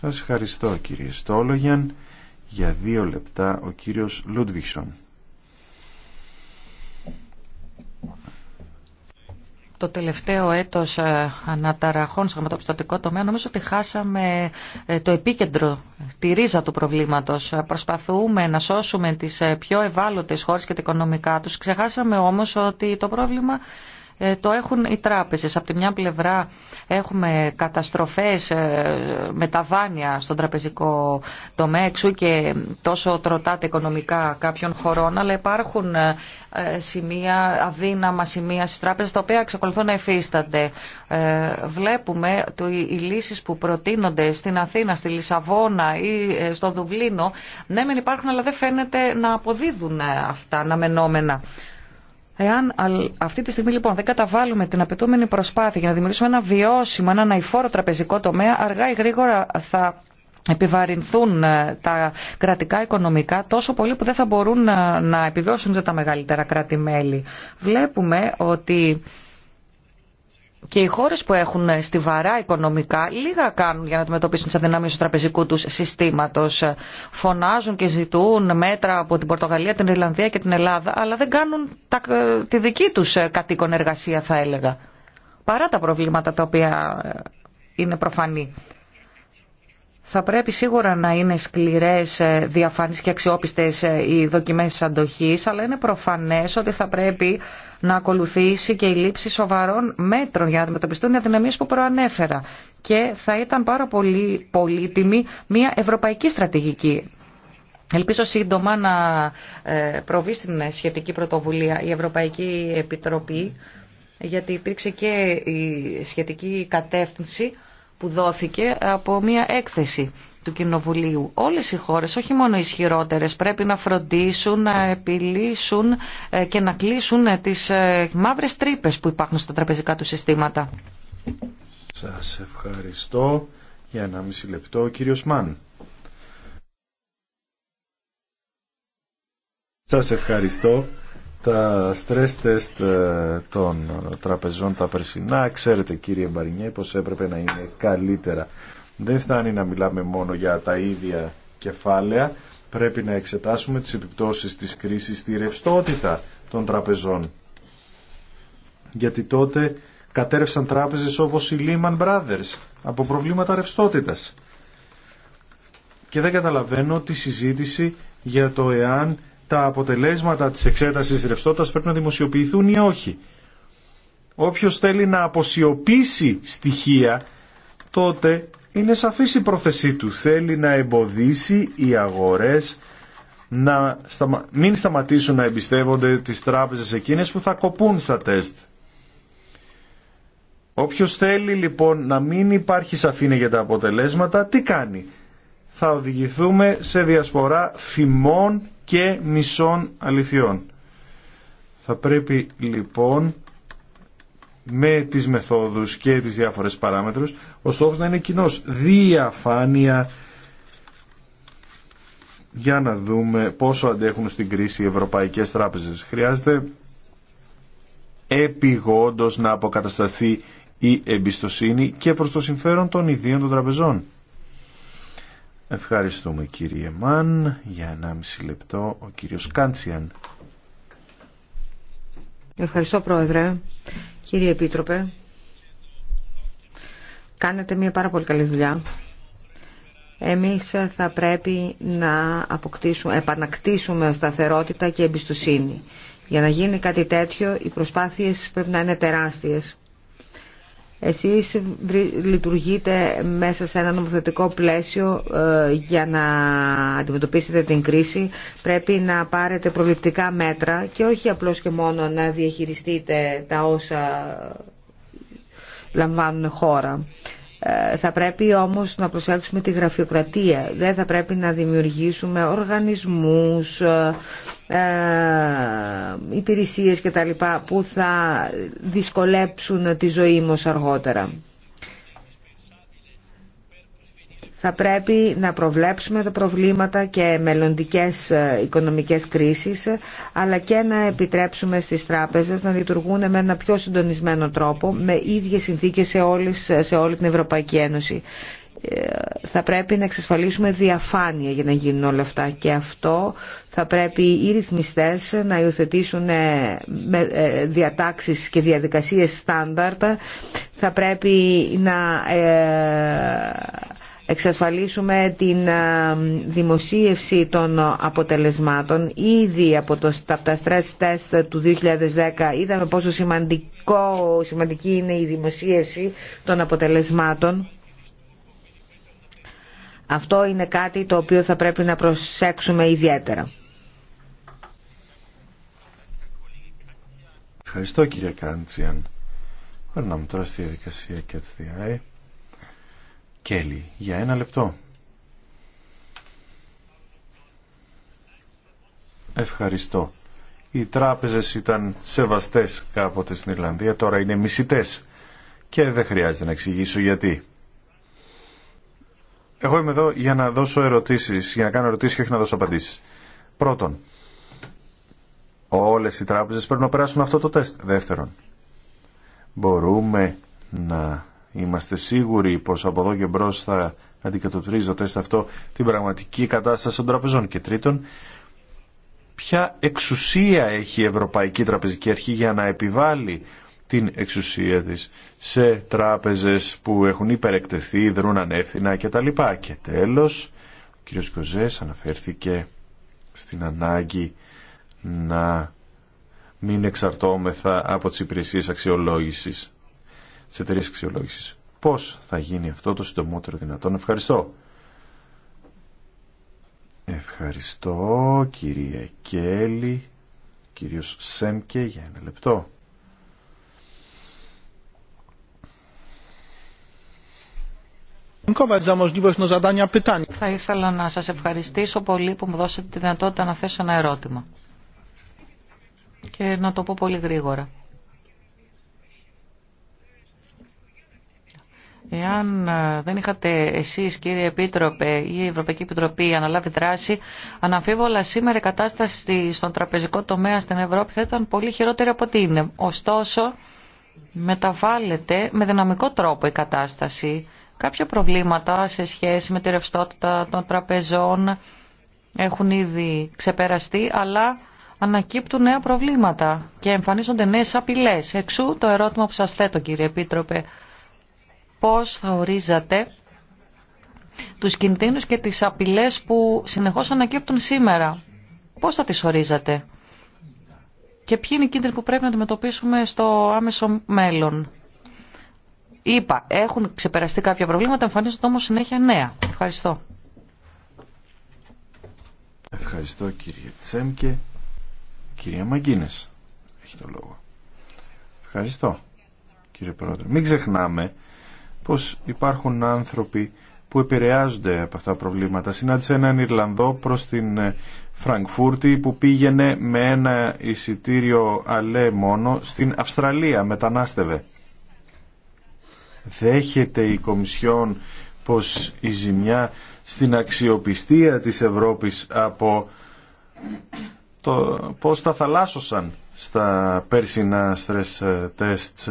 Σας ευχαριστώ κύριε Στόλογιαν. Για δύο λεπτά ο κύριος Λούντβιξον. το τελευταίο έτος ε, αναταραχών στο χρηματοπιστωτικό τομέα νομίζω ότι χάσαμε ε, το επίκεντρο, τη ρίζα του προβλήματος. Προσπαθούμε να σώσουμε τις ε, πιο ευάλωτες χώρες και τα οικονομικά τους. Ξεχάσαμε όμως ότι το πρόβλημα ε, το έχουν οι τράπεζες. Από τη μια πλευρά έχουμε καταστροφές ε, με τα δάνεια στον τραπεζικό τομέα, εξού και τόσο τροτάται οικονομικά κάποιων χωρών, αλλά υπάρχουν ε, σημεία, αδύναμα σημεία στις τράπεζες, τα οποία εξακολουθούν να υφίστανται. Βλέπουμε οι λύσεις που προτείνονται στην Αθήνα, στη Λισαβόνα ή στο Δουβλίνο, ναι μεν υπάρχουν αλλά δεν φαίνεται να αποδίδουν αυτά αναμενόμενα. Εάν αυτή τη στιγμή λοιπόν δεν καταβάλουμε την απαιτούμενη προσπάθεια για να δημιουργήσουμε ένα βιώσιμο, ένα αναϊφόρο τραπεζικό τομέα, αργά ή γρήγορα θα επιβαρυνθούν ε, τα κρατικά οικονομικά τόσο πολύ που δεν θα μπορούν ε, να επιβιώσουν τα μεγαλύτερα κράτη-μέλη. Βλέπουμε ότι και οι χώρε που έχουν στιβαρά οικονομικά λίγα κάνουν για να αντιμετωπίσουν τι αδυναμίε του τραπεζικού του συστήματο. Φωνάζουν και ζητούν μέτρα από την Πορτογαλία, την Ιρλανδία και την Ελλάδα, αλλά δεν κάνουν τα, ε, τη δική του ε, κατοίκον εργασία, θα έλεγα. Παρά τα προβλήματα τα οποία ε, είναι προφανή. Θα πρέπει σίγουρα να είναι σκληρές, διαφανείς και αξιόπιστες οι δοκιμές αντοχής, αλλά είναι προφανές ότι θα πρέπει να ακολουθήσει και η λήψη σοβαρών μέτρων για να αντιμετωπιστούν οι αδυναμίες που προανέφερα. Και θα ήταν πάρα πολύ πολύτιμη μια ευρωπαϊκή στρατηγική. Ελπίζω σύντομα να ε, προβεί στην σχετική πρωτοβουλία η Ευρωπαϊκή Επιτροπή, γιατί υπήρξε και η σχετική κατεύθυνση που δόθηκε από μια έκθεση του Κοινοβουλίου. Όλες οι χώρες, όχι μόνο οι ισχυρότερες, πρέπει να φροντίσουν, να επιλύσουν ε, και να κλείσουν ε, τις ε, μαύρες τρύπες που υπάρχουν στα τραπεζικά του συστήματα. Σας ευχαριστώ για ένα μισή λεπτό. Ο κύριος Μαν. Σας ευχαριστώ. Τα stress test των τραπεζών τα περσινά, ξέρετε κύριε Μπαρινιέ πως έπρεπε να είναι καλύτερα δεν φτάνει να μιλάμε μόνο για τα ίδια κεφάλαια, πρέπει να εξετάσουμε τις επιπτώσεις της κρίσης στη ρευστότητα των τραπεζών. Γιατί τότε κατέρευσαν τράπεζες όπως οι Lehman Brothers από προβλήματα ρευστότητας. Και δεν καταλαβαίνω τη συζήτηση για το εάν τα αποτελέσματα της εξέτασης ρευστότητας πρέπει να δημοσιοποιηθούν ή όχι. Όποιος θέλει να αποσιοποιήσει στοιχεία, τότε είναι σαφής η πρόθεσή του. Θέλει να εμποδίσει οι αγορές να μην σταματήσουν να εμπιστεύονται τις τράπεζες εκείνες που θα κοπούν στα τεστ. Όποιος θέλει λοιπόν να μην υπάρχει σαφήνεια για τα αποτελέσματα, τι κάνει. Θα οδηγηθούμε σε διασπορά φημών και μισών αληθιών. Θα πρέπει λοιπόν με τις μεθόδους και τις διάφορες παράμετρους, ο στόχος να είναι κοινό διαφάνεια για να δούμε πόσο αντέχουν στην κρίση οι ευρωπαϊκές τράπεζες. Χρειάζεται επιγόντως να αποκατασταθεί η εμπιστοσύνη και προς το συμφέρον των ιδίων των τραπεζών. Ευχαριστούμε κύριε Μαν. Για 1,5 λεπτό ο κύριος Κάντσιαν. Ευχαριστώ Πρόεδρε. Κύριε Επίτροπε, κάνετε μια πάρα πολύ καλή δουλειά. Εμείς θα πρέπει να αποκτήσουμε, επανακτήσουμε σταθερότητα και εμπιστοσύνη. Για να γίνει κάτι τέτοιο, οι προσπάθειες πρέπει να είναι τεράστιες. Εσείς λειτουργείτε μέσα σε ένα νομοθετικό πλαίσιο ε, για να αντιμετωπίσετε την κρίση. Πρέπει να πάρετε προληπτικά μέτρα και όχι απλώς και μόνο να διαχειριστείτε τα όσα λαμβάνουν χώρα. Ε, θα πρέπει όμως να προσέξουμε τη γραφειοκρατία. Δεν θα πρέπει να δημιουργήσουμε οργανισμούς, ε, ε, υπηρεσίες κτλ. που θα δυσκολέψουν τη ζωή μας αργότερα. θα πρέπει να προβλέψουμε τα προβλήματα και μελλοντικές ε, οικονομικές κρίσεις, αλλά και να επιτρέψουμε στις τράπεζες να λειτουργούν με ένα πιο συντονισμένο τρόπο, με ίδιες συνθήκες σε, όλες, σε όλη την Ευρωπαϊκή Ένωση. Ε, θα πρέπει να εξασφαλίσουμε διαφάνεια για να γίνουν όλα αυτά και αυτό θα πρέπει οι ρυθμιστές να υιοθετήσουν ε, διατάξεις και διαδικασίες στάνταρτα, θα πρέπει να εξασφαλίσουμε την ε, δημοσίευση των αποτελεσμάτων. Ήδη από, το, τα stress test του 2010 είδαμε πόσο σημαντικό, σημαντική είναι η δημοσίευση των αποτελεσμάτων. Αυτό είναι κάτι το οποίο θα πρέπει να προσέξουμε ιδιαίτερα. Ευχαριστώ κύριε Κάντσιαν. Περνάμε τώρα στη διαδικασία και έτσι Κέλλη για ένα λεπτό. Ευχαριστώ. Οι τράπεζες ήταν σεβαστές κάποτε στην Ιρλανδία, τώρα είναι μισητές. Και δεν χρειάζεται να εξηγήσω γιατί. Εγώ είμαι εδώ για να δώσω ερωτήσεις, για να κάνω ερωτήσεις και όχι να δώσω απαντήσεις. Πρώτον, όλες οι τράπεζες πρέπει να περάσουν αυτό το τεστ. Δεύτερον, μπορούμε να είμαστε σίγουροι πως από εδώ και μπρο θα αντικατοπτρίζει σε αυτό την πραγματική κατάσταση των τραπεζών. Και τρίτον, ποια εξουσία έχει η Ευρωπαϊκή Τραπεζική Αρχή για να επιβάλλει την εξουσία της σε τράπεζες που έχουν υπερεκτεθεί, δρούν ανεύθυνα κτλ. Και τέλος, ο κ. Κοζές αναφέρθηκε στην ανάγκη να μην εξαρτώμεθα από τις υπηρεσίες αξιολόγησης σε εταιρεία αξιολόγηση. Πώς θα γίνει αυτό το συντομότερο δυνατόν. Ευχαριστώ. Ευχαριστώ κύριε Κέλλη, κύριος Σέμκε για ένα λεπτό. Θα ήθελα να σας ευχαριστήσω πολύ που μου δώσετε τη δυνατότητα να θέσω ένα ερώτημα και να το πω πολύ γρήγορα. Εάν ε, δεν είχατε εσείς κύριε Επίτροπε ή η Ευρωπαϊκή Επιτροπή αναλάβει δράση, αναμφίβολα σήμερα η κατάσταση στον τραπεζικό τομέα στην Ευρώπη θα ήταν πολύ χειρότερη από ό,τι είναι. Ωστόσο, μεταβάλλεται με δυναμικό τρόπο η κατάσταση. Κάποια προβλήματα σε σχέση με τη ρευστότητα των τραπεζών έχουν ήδη ξεπεραστεί, αλλά ανακύπτουν νέα προβλήματα και εμφανίζονται νέες απειλές. Εξού το ερώτημα που σας θέτω κύριε Επίτροπε πώς θα ορίζατε τους κινδύνους και τις απειλές που συνεχώς ανακύπτουν σήμερα. Πώς θα τις ορίζατε και ποιοι είναι οι κίνδυνοι που πρέπει να αντιμετωπίσουμε στο άμεσο μέλλον. Είπα, έχουν ξεπεραστεί κάποια προβλήματα, εμφανίζονται όμως συνέχεια νέα. Ευχαριστώ. Ευχαριστώ κύριε Τσέμκε. Κυρία Μαγκίνες έχει το λόγο. Ευχαριστώ κύριε Πρόεδρε. Μην ξεχνάμε πως υπάρχουν άνθρωποι που επηρεάζονται από αυτά τα προβλήματα. Συνάντησα έναν Ιρλανδό προς την ε, Φραγκφούρτη που πήγαινε με ένα εισιτήριο αλέ μόνο στην Αυστραλία, μετανάστευε. Δέχεται η Κομισιόν πως η ζημιά στην αξιοπιστία της Ευρώπης από το πώς τα θαλάσσωσαν στα πέρσινα στρες τεστ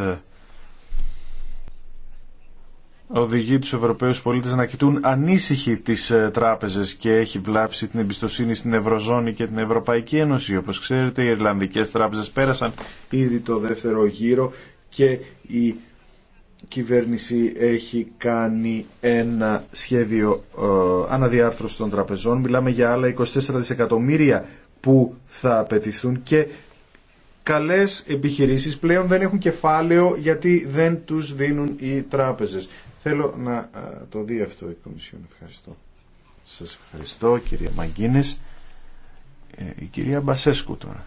οδηγεί τους Ευρωπαίους πολίτες να κοιτούν ανήσυχοι τις ε, τράπεζες και έχει βλάψει την εμπιστοσύνη στην Ευρωζώνη και την Ευρωπαϊκή Ένωση. Όπως ξέρετε οι Ιρλανδικές τράπεζες πέρασαν ήδη το δεύτερο γύρο και η κυβέρνηση έχει κάνει ένα σχέδιο ε, αναδιάρθρωσης των τραπεζών. Μιλάμε για άλλα 24 δισεκατομμύρια που θα απαιτηθούν και καλές επιχειρήσεις πλέον δεν έχουν κεφάλαιο γιατί δεν τους δίνουν οι τράπεζες. Θέλω να ε, το δει αυτό η Κομισιόν. Ευχαριστώ. Σας ευχαριστώ κυρία Μαγκίνες. Ε, η κυρία Μπασέσκου τώρα.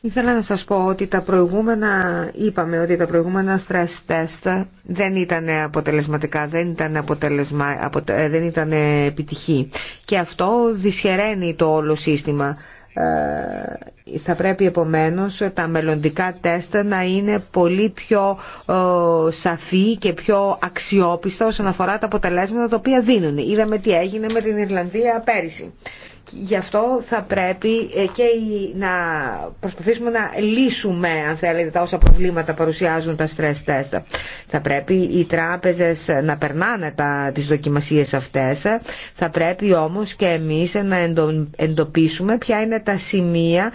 Ήθελα να σας πω ότι τα προηγούμενα, είπαμε ότι τα προηγούμενα stress test δεν ήταν αποτελεσματικά, δεν ήταν, αποτελεσμα, ε, δεν ήταν επιτυχή. Και αυτό δυσχεραίνει το όλο σύστημα. Ε, θα πρέπει επομένως τα μελλοντικά τέστα να είναι πολύ πιο ε, σαφή και πιο αξιόπιστα όσον αφορά τα αποτελέσματα τα οποία δίνουν. Είδαμε τι έγινε με την Ιρλανδία πέρυσι. Γι' αυτό θα πρέπει ε, και να προσπαθήσουμε να λύσουμε, αν θέλετε, τα όσα προβλήματα παρουσιάζουν τα stress test. Θα πρέπει οι τράπεζες να περνάνε τα, τις δοκιμασίες αυτές. Θα πρέπει όμως και εμείς να εντοπίσουμε ποια είναι τα σημεία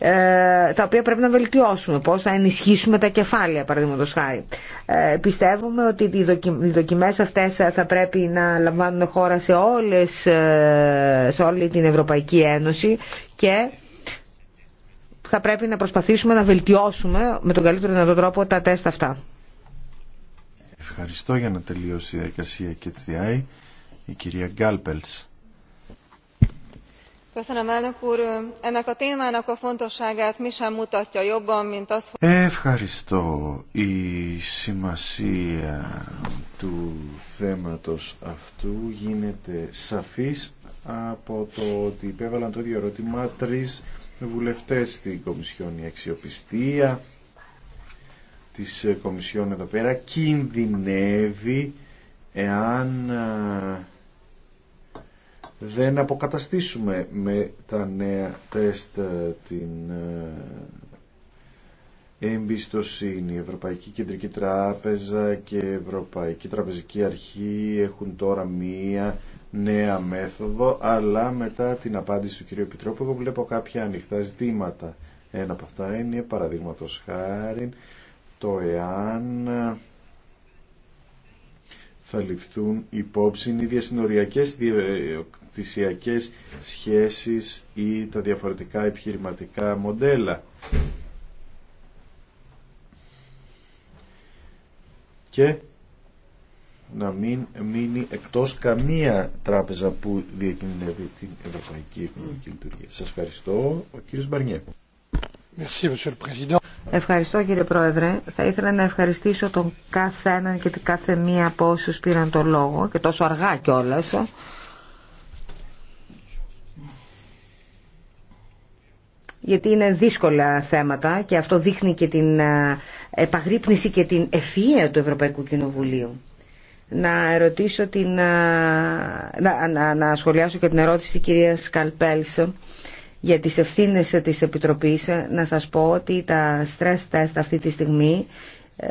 ε, τα οποία πρέπει να βελτιώσουμε, πώς θα ενισχύσουμε τα κεφάλαια παραδείγματο χάρη. Ε, πιστεύουμε ότι οι δοκιμές αυτές θα πρέπει να λαμβάνουν χώρα σε, όλες, ε, σε όλη την Ευρωπαϊκή Ένωση και θα πρέπει να προσπαθήσουμε να βελτιώσουμε με τον καλύτερο δυνατό τρόπο τα τεστ αυτά. Ευχαριστώ για να τελειώσει η διαδικασία και η κυρία Γκάλπελς. Ευχαριστώ. Η σημασία του θέματος αυτού γίνεται σαφής από το ότι υπέβαλαν το ίδιο ερώτημα τρεις βουλευτές στην Κομισιόν η αξιοπιστία της Κομισιόν εδώ πέρα κινδυνεύει εάν δεν αποκαταστήσουμε με τα νέα τεστ ε, την ε, εμπιστοσύνη. Η Ευρωπαϊκή Κεντρική Τράπεζα και η Ευρωπαϊκή Τραπεζική Αρχή έχουν τώρα μία νέα μέθοδο, αλλά μετά την απάντηση του κυρίου Επιτρόπου εγώ βλέπω κάποια ανοιχτά ζητήματα. Ένα από αυτά είναι παραδείγματο χάρη το εάν θα ληφθούν υπόψη οι διασυνοριακές διοκτησιακές σχέσεις ή τα διαφορετικά επιχειρηματικά μοντέλα. Και να μην μείνει εκτός καμία τράπεζα που διακινδυνεύει την ευρωπαϊκή οικονομική λειτουργία. Σας ευχαριστώ. Ο κύριος Μπαρνιέ. Ευχαριστώ κύριε Πρόεδρε. Θα ήθελα να ευχαριστήσω τον κάθε έναν και την κάθε μία από όσου πήραν το λόγο και τόσο αργά κιόλα. γιατί είναι δύσκολα θέματα και αυτό δείχνει και την ε, επαγρύπνηση και την ευφυΐα του Ευρωπαϊκού Κοινοβουλίου. Να ερωτήσω την, ε, να, να, σχολιάσω και την ερώτηση της κυρίας Καλπέλσο για τις ευθύνες της Επιτροπής να σας πω ότι τα stress test αυτή τη στιγμή ε,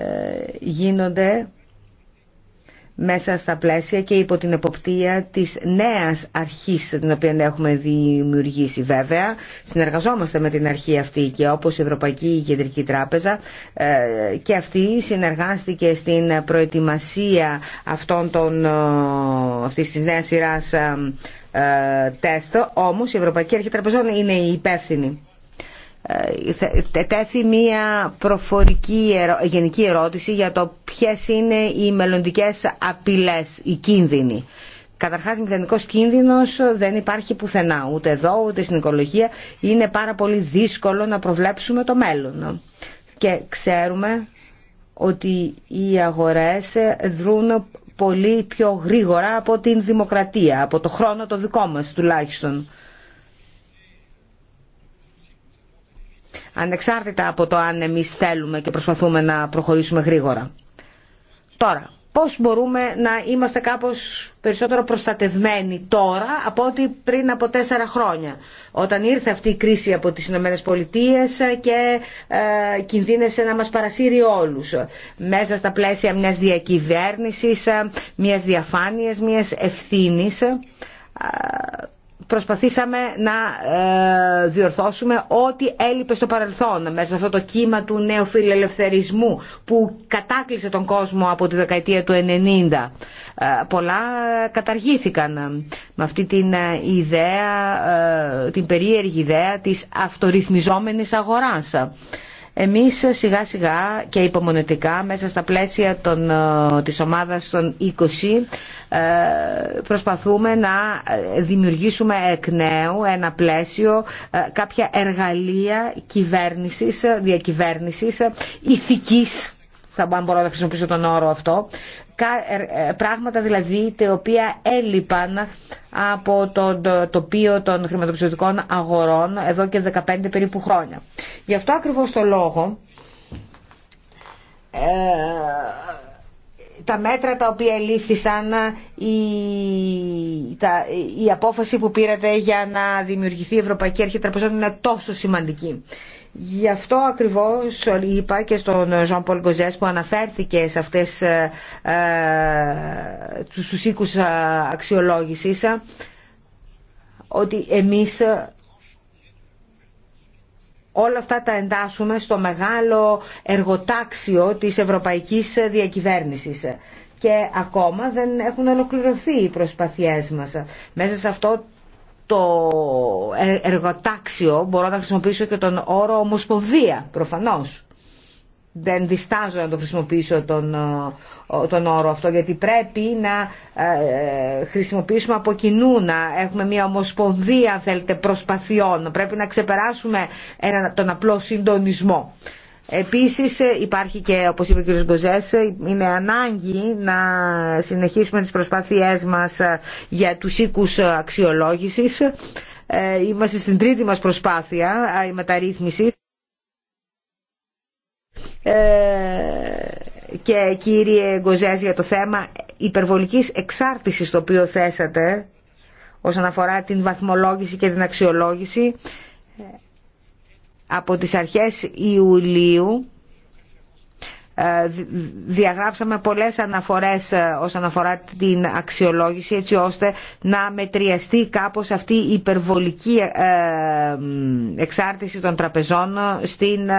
γίνονται μέσα στα πλαίσια και υπό την εποπτεία της νέας αρχής την οποία έχουμε δημιουργήσει βέβαια. Συνεργαζόμαστε με την αρχή αυτή και όπως η Ευρωπαϊκή Κεντρική Τράπεζα ε, και αυτή συνεργάστηκε στην προετοιμασία αυτών των, ε, αυτής της νέας σειράς ε, τεστ, όμως η Ευρωπαϊκή Αρχή Τραπεζών είναι η υπεύθυνη. Ε, τέθη μία προφορική γενική ερώτηση για το ποιες είναι οι μελλοντικέ απειλές, οι κίνδυνοι. Καταρχάς μηδενικό κίνδυνος δεν υπάρχει πουθενά, ούτε εδώ ούτε στην οικολογία. Είναι πάρα πολύ δύσκολο να προβλέψουμε το μέλλον. Και ξέρουμε ότι οι αγορές δρούν πολύ πιο γρήγορα από την δημοκρατία, από το χρόνο το δικό μας τουλάχιστον. Ανεξάρτητα από το αν εμείς θέλουμε και προσπαθούμε να προχωρήσουμε γρήγορα. Τώρα, πώς μπορούμε να είμαστε κάπως περισσότερο προστατευμένοι τώρα από ό,τι πριν από τέσσερα χρόνια. Όταν ήρθε αυτή η κρίση από τις Ηνωμένες Πολιτείες και ε, κινδύνευσε να μας παρασύρει όλους. Μέσα στα πλαίσια μιας διακυβέρνησης, μιας διαφάνειας, μιας ευθύνης προσπαθήσαμε να ε, διορθώσουμε ό,τι έλειπε στο παρελθόν μέσα σε αυτό το κύμα του νέου φιλελευθερισμού που κατάκλυσε τον κόσμο από τη δεκαετία του 90. Ε, πολλά καταργήθηκαν με αυτή την ε, ιδέα, την περίεργη ιδέα της αυτορυθμιζόμενης αγοράς. Εμείς σιγά σιγά και υπομονετικά μέσα στα πλαίσια των, ε, της ομάδας των 20 ε, προσπαθούμε να ε, δημιουργήσουμε εκ νέου ένα πλαίσιο, κάποια εργαλεία κυβέρνησης, διακυβέρνησης, ηθικής θα μπορώ να χρησιμοποιήσω τον όρο αυτό, ε, ε, πράγματα δηλαδή τα οποία έλειπαν από το τοπίο των χρηματοπιστωτικών αγορών εδώ και 15 περίπου χρόνια. Γι' αυτό ακριβώς το λόγο ε, τα μέτρα τα οποία ελήφθησαν η, η απόφαση που πήρατε για να δημιουργηθεί η Ευρωπαϊκή Αρχή Τραπεζών είναι τόσο σημαντική. Γι' αυτό ακριβώς είπα και στον Ζαν Πολ που αναφέρθηκε σε αυτές ε, ε τους οίκους ε, αξιολόγησης ε, ότι εμείς όλα αυτά τα εντάσσουμε στο μεγάλο εργοτάξιο της ευρωπαϊκής διακυβέρνησης και ακόμα δεν έχουν ολοκληρωθεί οι προσπαθειές μας. Μέσα σε αυτό το ε- εργοτάξιο, μπορώ να χρησιμοποιήσω και τον όρο ομοσπονδία προφανώς. Δεν διστάζω να το χρησιμοποιήσω τον, ε, τον όρο αυτό γιατί πρέπει να ε, χρησιμοποιήσουμε από κοινού να έχουμε μια ομοσπονδία αν θέλετε προσπαθειών. Πρέπει να ξεπεράσουμε ένα, τον απλό συντονισμό. Επίσης ε, υπάρχει και, όπως είπε ο κ. Γκοζές, ε, είναι ανάγκη να συνεχίσουμε τις προσπάθειές μας ε, για τους οίκους αξιολόγησης. Είμαστε στην τρίτη μας προσπάθεια, η μεταρρύθμιση. Και κύριε Γκοζές για το θέμα υπερβολικής εξάρτησης το οποίο θέσατε όσον αφορά την βαθμολόγηση και την αξιολόγηση από τις αρχές Ιουλίου ε, διαγράψαμε πολλές αναφορές ε, όσον αφορά την αξιολόγηση έτσι ώστε να μετριαστεί κάπως αυτή η υπερβολική ε, εξάρτηση των τραπεζών στην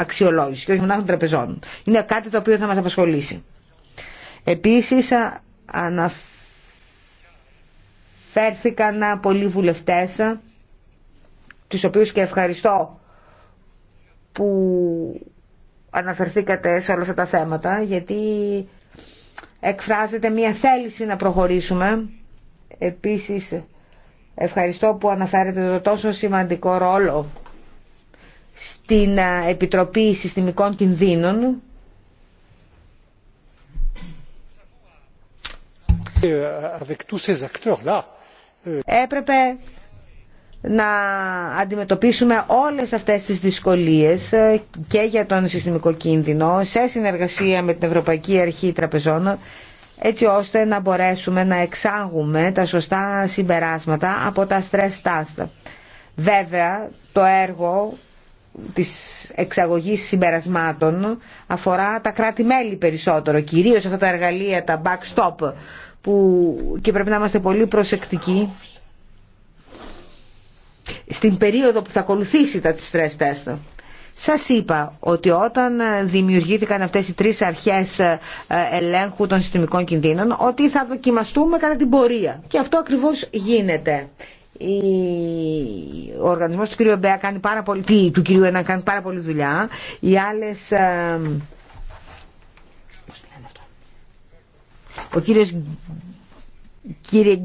αξιολόγηση και όχι των τραπεζών. Είναι κάτι το οποίο θα μας απασχολήσει. Επίσης αναφέρθηκαν πολλοί βουλευτές τους οποίους και ευχαριστώ που αναφερθήκατε σε όλα αυτά τα θέματα γιατί εκφράζεται μια θέληση να προχωρήσουμε. Επίσης ευχαριστώ που αναφέρετε το τόσο σημαντικό ρόλο στην Επιτροπή Συστημικών Κινδύνων ε, ε, Έπρεπε να αντιμετωπίσουμε όλες αυτές τις δυσκολίες ε, και για τον συστημικό κίνδυνο σε συνεργασία με την Ευρωπαϊκή Αρχή Τραπεζών έτσι ώστε να μπορέσουμε να εξάγουμε τα σωστά συμπεράσματα από τα stress test. Βέβαια, το έργο της εξαγωγής συμπερασμάτων αφορά τα κράτη-μέλη περισσότερο, κυρίως αυτά τα εργαλεία, τα backstop, που και πρέπει να είμαστε πολύ προσεκτικοί στην περίοδο που θα ακολουθήσει τα stress test. Σας είπα ότι όταν δημιουργήθηκαν αυτές οι τρεις αρχές ε, ελέγχου των συστημικών κινδύνων ότι θα δοκιμαστούμε κατά την πορεία. Και αυτό ακριβώς γίνεται. Ο οργανισμός του κυρίου Μπέα κάνει πάρα πολύ, του κυρίου Ένα κάνει πάρα πολύ δουλειά. Οι άλλες... Ε, ο κύριος κύριε ε,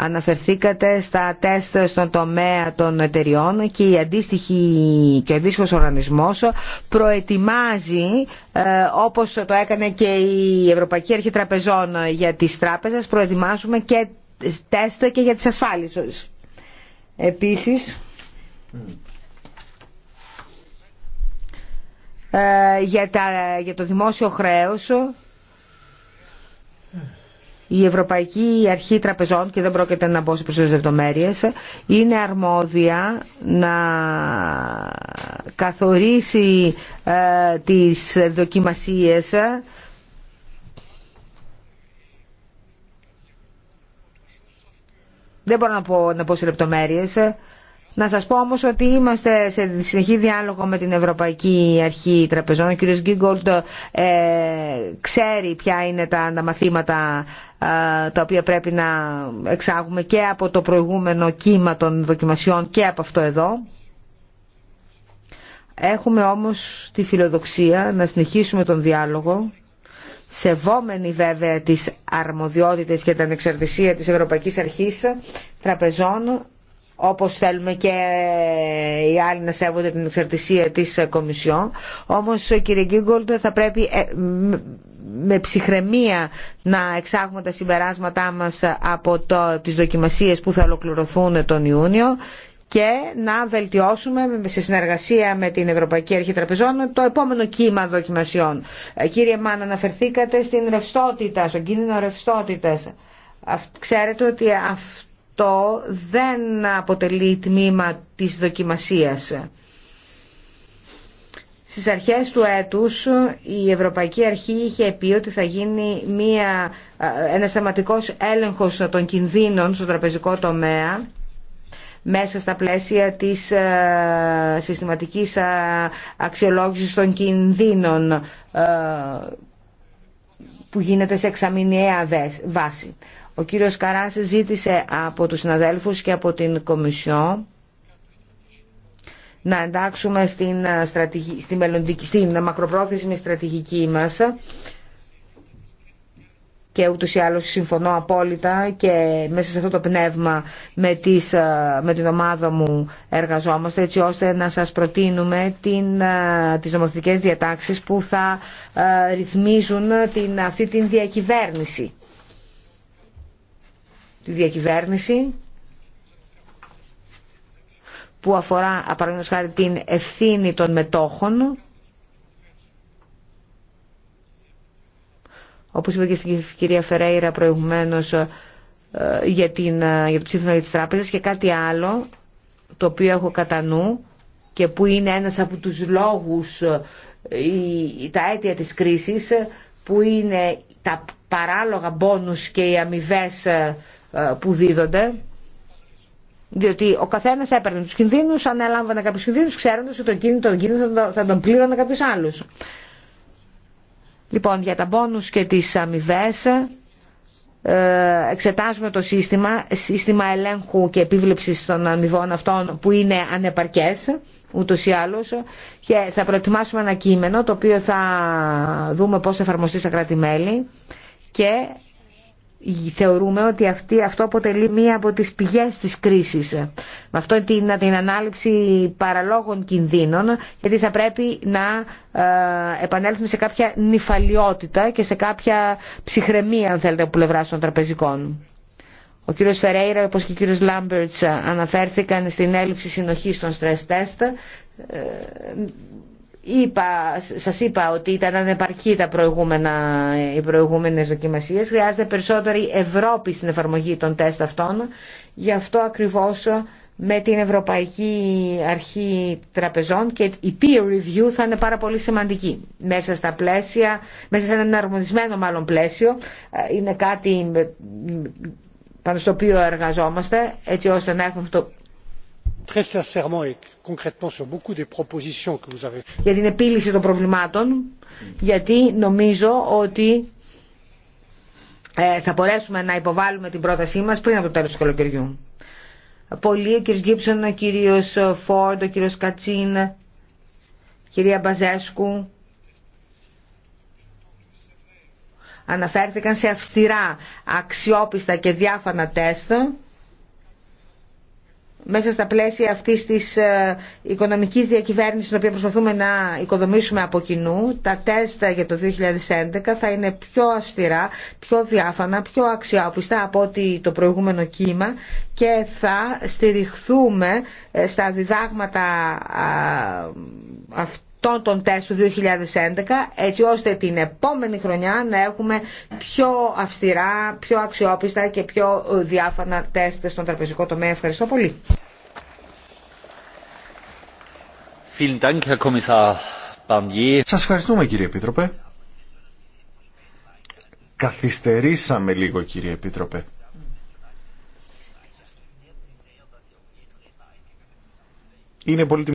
Αναφερθήκατε στα τεστ στον τομέα των εταιριών και, η αντίστοιχη, και ο αντίστοιχος οργανισμός προετοιμάζει, ε, όπως το έκανε και η Ευρωπαϊκή Αρχή Τραπεζών για τις τράπεζες, προετοιμάζουμε και τεστ και για τις ασφάλισες. Επίσης, ε, για, τα, για το δημόσιο χρέος η Ευρωπαϊκή Αρχή Τραπεζών, και δεν πρόκειται να μπω σε περισσότερες λεπτομέρειες, είναι αρμόδια να καθορίσει ε, τις δοκιμασίες Δεν μπορώ να πω, να πω σε λεπτομέρειες. Να σας πω όμως ότι είμαστε σε συνεχή διάλογο με την Ευρωπαϊκή Αρχή Τραπεζών. Ο κ. Γκίγκολτ ε, ξέρει ποια είναι τα, τα μαθήματα τα οποία πρέπει να εξάγουμε και από το προηγούμενο κύμα των δοκιμασιών και από αυτό εδώ. Έχουμε όμως τη φιλοδοξία να συνεχίσουμε τον διάλογο, σεβόμενοι βέβαια τις αρμοδιότητες και την ανεξαρτησία της Ευρωπαϊκής Αρχής Τραπεζών όπως θέλουμε και οι άλλοι να σέβονται την εξαρτησία της Κομισιόν. Όμως, κύριε Γκίγκολτ, θα πρέπει ε, με ψυχραιμία να εξάγουμε τα συμπεράσματά μας από το, τις δοκιμασίες που θα ολοκληρωθούν τον Ιούνιο και να βελτιώσουμε σε συνεργασία με την Ευρωπαϊκή Αρχή Τραπεζών το επόμενο κύμα δοκιμασιών. Ε, κύριε Μάν, αναφερθήκατε στην ρευστότητα, στον κίνδυνο ρευστότητας. Ξέρετε ότι αυτό το δεν αποτελεί τμήμα της δοκιμασίας. Στις αρχές του έτους η Ευρωπαϊκή Αρχή είχε πει ότι θα γίνει μια, ένας θεματικός έλεγχος των κινδύνων στο τραπεζικό τομέα μέσα στα πλαίσια της ε, συστηματικής ε, αξιολόγησης των κινδύνων ε, που γίνεται σε εξαμηνιαία βάση. Ο κύριος Καράς ζήτησε από τους συναδέλφους και από την Κομισιό να εντάξουμε στην, ε, στρατηγική, στην, μελλοντική, στην μακροπρόθεσμη στρατηγική μας και ούτως ή άλλως συμφωνώ απόλυτα και μέσα σε αυτό το πνεύμα με, τις, ε, με την ομάδα μου εργαζόμαστε έτσι ώστε να σας προτείνουμε την, ε, τις νομοθετικές διατάξεις που θα ρυθμίζουν την, αυτή την διακυβέρνηση διακυβέρνηση που αφορά, παραδείγματος την ευθύνη των μετόχων όπως είπε και στην κυρία Φερέιρα προηγουμένως ε, για, την, ε, για το ψήφισμα της τράπεζας και κάτι άλλο το οποίο έχω κατά νου και που είναι ένας από τους λόγους ε, τα αίτια της κρίσης που είναι τα παράλογα μπόνους και οι αμοιβέ ε, που δίδονται διότι ο καθένα έπαιρνε του κινδύνου, ανέλαμβανε κάποιου κινδύνου, ξέροντα ότι το κίνητο τον θα τον πλήρωνε κάποιος άλλος. Λοιπόν, για τα μπόνους και τις αμοιβέ ε, εξετάζουμε το σύστημα, σύστημα ελέγχου και επίβλεψης των αμοιβών αυτών που είναι ανεπαρκές ούτω ή άλλω. και θα προετοιμάσουμε ένα κείμενο το οποίο θα δούμε πώ θα εφαρμοστεί στα κράτη-μέλη και θεωρούμε ότι αυτή, αυτό αποτελεί μία από τις πηγές της κρίσης. Με αυτό την, την ανάληψη παραλόγων κινδύνων, γιατί θα πρέπει να ε, σε κάποια νυφαλιότητα και σε κάποια ψυχραιμία, αν θέλετε, από πλευρά των τραπεζικών. Ο κύριος Φερέιρα, όπως και ο κύριος Λάμπερτς, αναφέρθηκαν στην έλλειψη συνοχής των stress test. Ε, Είπα, σας είπα ότι ήταν ανεπαρκή τα προηγούμενα, οι προηγούμενες δοκιμασίες. Χρειάζεται περισσότερη Ευρώπη στην εφαρμογή των τεστ αυτών. Γι' αυτό ακριβώς με την Ευρωπαϊκή Αρχή Τραπεζών και η peer review θα είναι πάρα πολύ σημαντική. Μέσα στα πλαίσια, μέσα σε έναν αρμονισμένο μάλλον πλαίσιο, ε, είναι κάτι πάνω στο οποίο εργαζόμαστε, έτσι ώστε να έχουμε το για την επίλυση των προβλημάτων γιατί νομίζω ότι ε, θα μπορέσουμε να υποβάλουμε την πρότασή μας πριν από το τέλος του καλοκαιριού. Πολλοί, ο κύριος Γκίψον, ο κύριος Φόρντ, ο κύριος Κατσίν, η κυρία Μπαζέσκου, αναφέρθηκαν σε αυστηρά, αξιόπιστα και διάφανα τεστ μέσα στα πλαίσια αυτής της ε, οικονομικής διακυβέρνησης την οποία προσπαθούμε να οικοδομήσουμε από κοινού, τα τεστ για το 2011 θα είναι πιο αυστηρά, πιο διάφανα, πιο αξιόπιστα από ότι το προηγούμενο κύμα και θα στηριχθούμε ε, στα διδάγματα αυτά τόν τον των τεστ του 2011 έτσι ώστε την επόμενη χρονιά να έχουμε πιο αυστηρά, πιο αξιόπιστα και πιο ε, διάφανα τεστ στον τραπεζικό τομέα. Ευχαριστώ πολύ. Σας ευχαριστούμε κύριε Επίτροπε. Καθυστερήσαμε λίγο κύριε Επίτροπε. Είναι πολύ